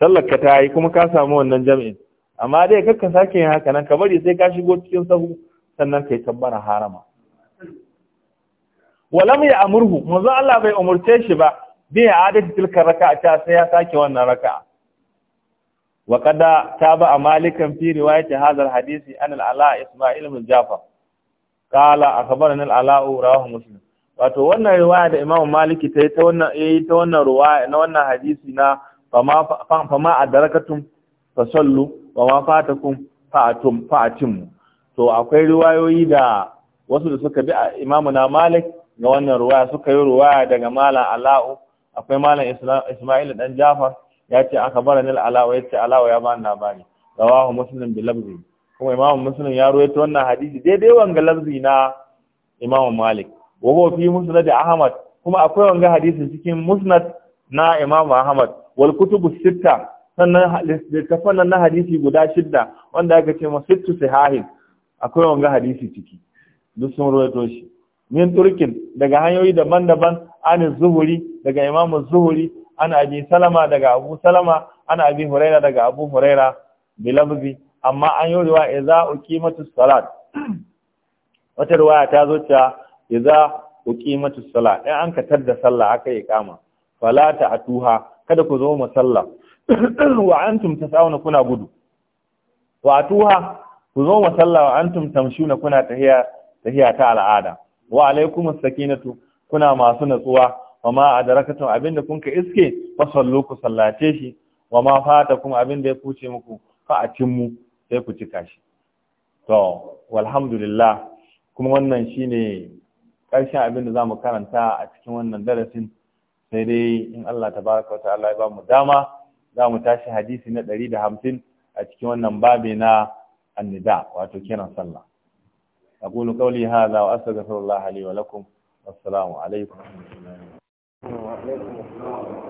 sallarka ta yi kuma ka samu wannan jami'in amma dai kakka sake yin haka nan ka bari sai ka shigo cikin sahu sannan kai tabbara harama walam ya amurhu manzo Allah bai umurce shi ba bi ya adati tilka raka'a ta sai ya sake wannan raka'a وقد تابع مالك malikan fi هذا الحديث hadisi an al بن isma'il قال jafar qala رواه مسلم ala wato wannan riwaya da Imam Maliki ta yi ta wannan eh ta wannan riwaya na wannan hadisi na fama fama adarakatum sallu wa ma fatakum fa fa'atim to akwai riwayoyi da wasu da suka bi Imam na Malik ga wannan riwaya suka yi riwaya daga Malam Ala'u akwai Malam Isma'il dan Jafar ya ce aka bara nil alawa ya ce alawa ya bani labari rawahu muslim bi lafzi kuma imam muslim ya rawaito wannan hadisi daidai wanga lafzi na imam malik wa huwa fi musnad ahmad kuma akwai wanga hadisi cikin musnad na imam ahmad wal kutubu sitta sannan littafan nan na hadisi guda shidda wanda aka ce ma sittu sahihin akwai wanga hadisi ciki duk sun rawaito shi min turkin daga hanyoyi daban-daban an zuhuri daga imam zuhuri ana abi salama daga abu salama ana abi huraira daga abu huraira bilabzi amma an yi riwa idza uqimatu salat wata riwaya ta zo ta idza uqimatu salat in an katar da sallah aka yi kama fala atuha kada ku zo mu sallah wa antum tasawuna kuna gudu wa atuha ku zo mu sallah wa antum tamshuna kuna tahiya tahiya ta al'ada wa alaikumus sakinatu kuna masu natsuwa wa ma adrakatun abinda kun ka iske fa sallu ku sallace shi wa ma fata kuma abinda ya kuce muku fa atimmu sai ku cika shi to walhamdulillah kuma wannan shine karshen za mu karanta a cikin wannan darasin sai dai in Allah tabaraka wa ta'ala ba mu dama za mu tashi hadisi na ɗari da hamsin a cikin wannan babina na annida wato kiran sallah أقول قولي هذا وأستغفر الله لي ولكم والسلام عليكم ورحمة الله وعليكم السلام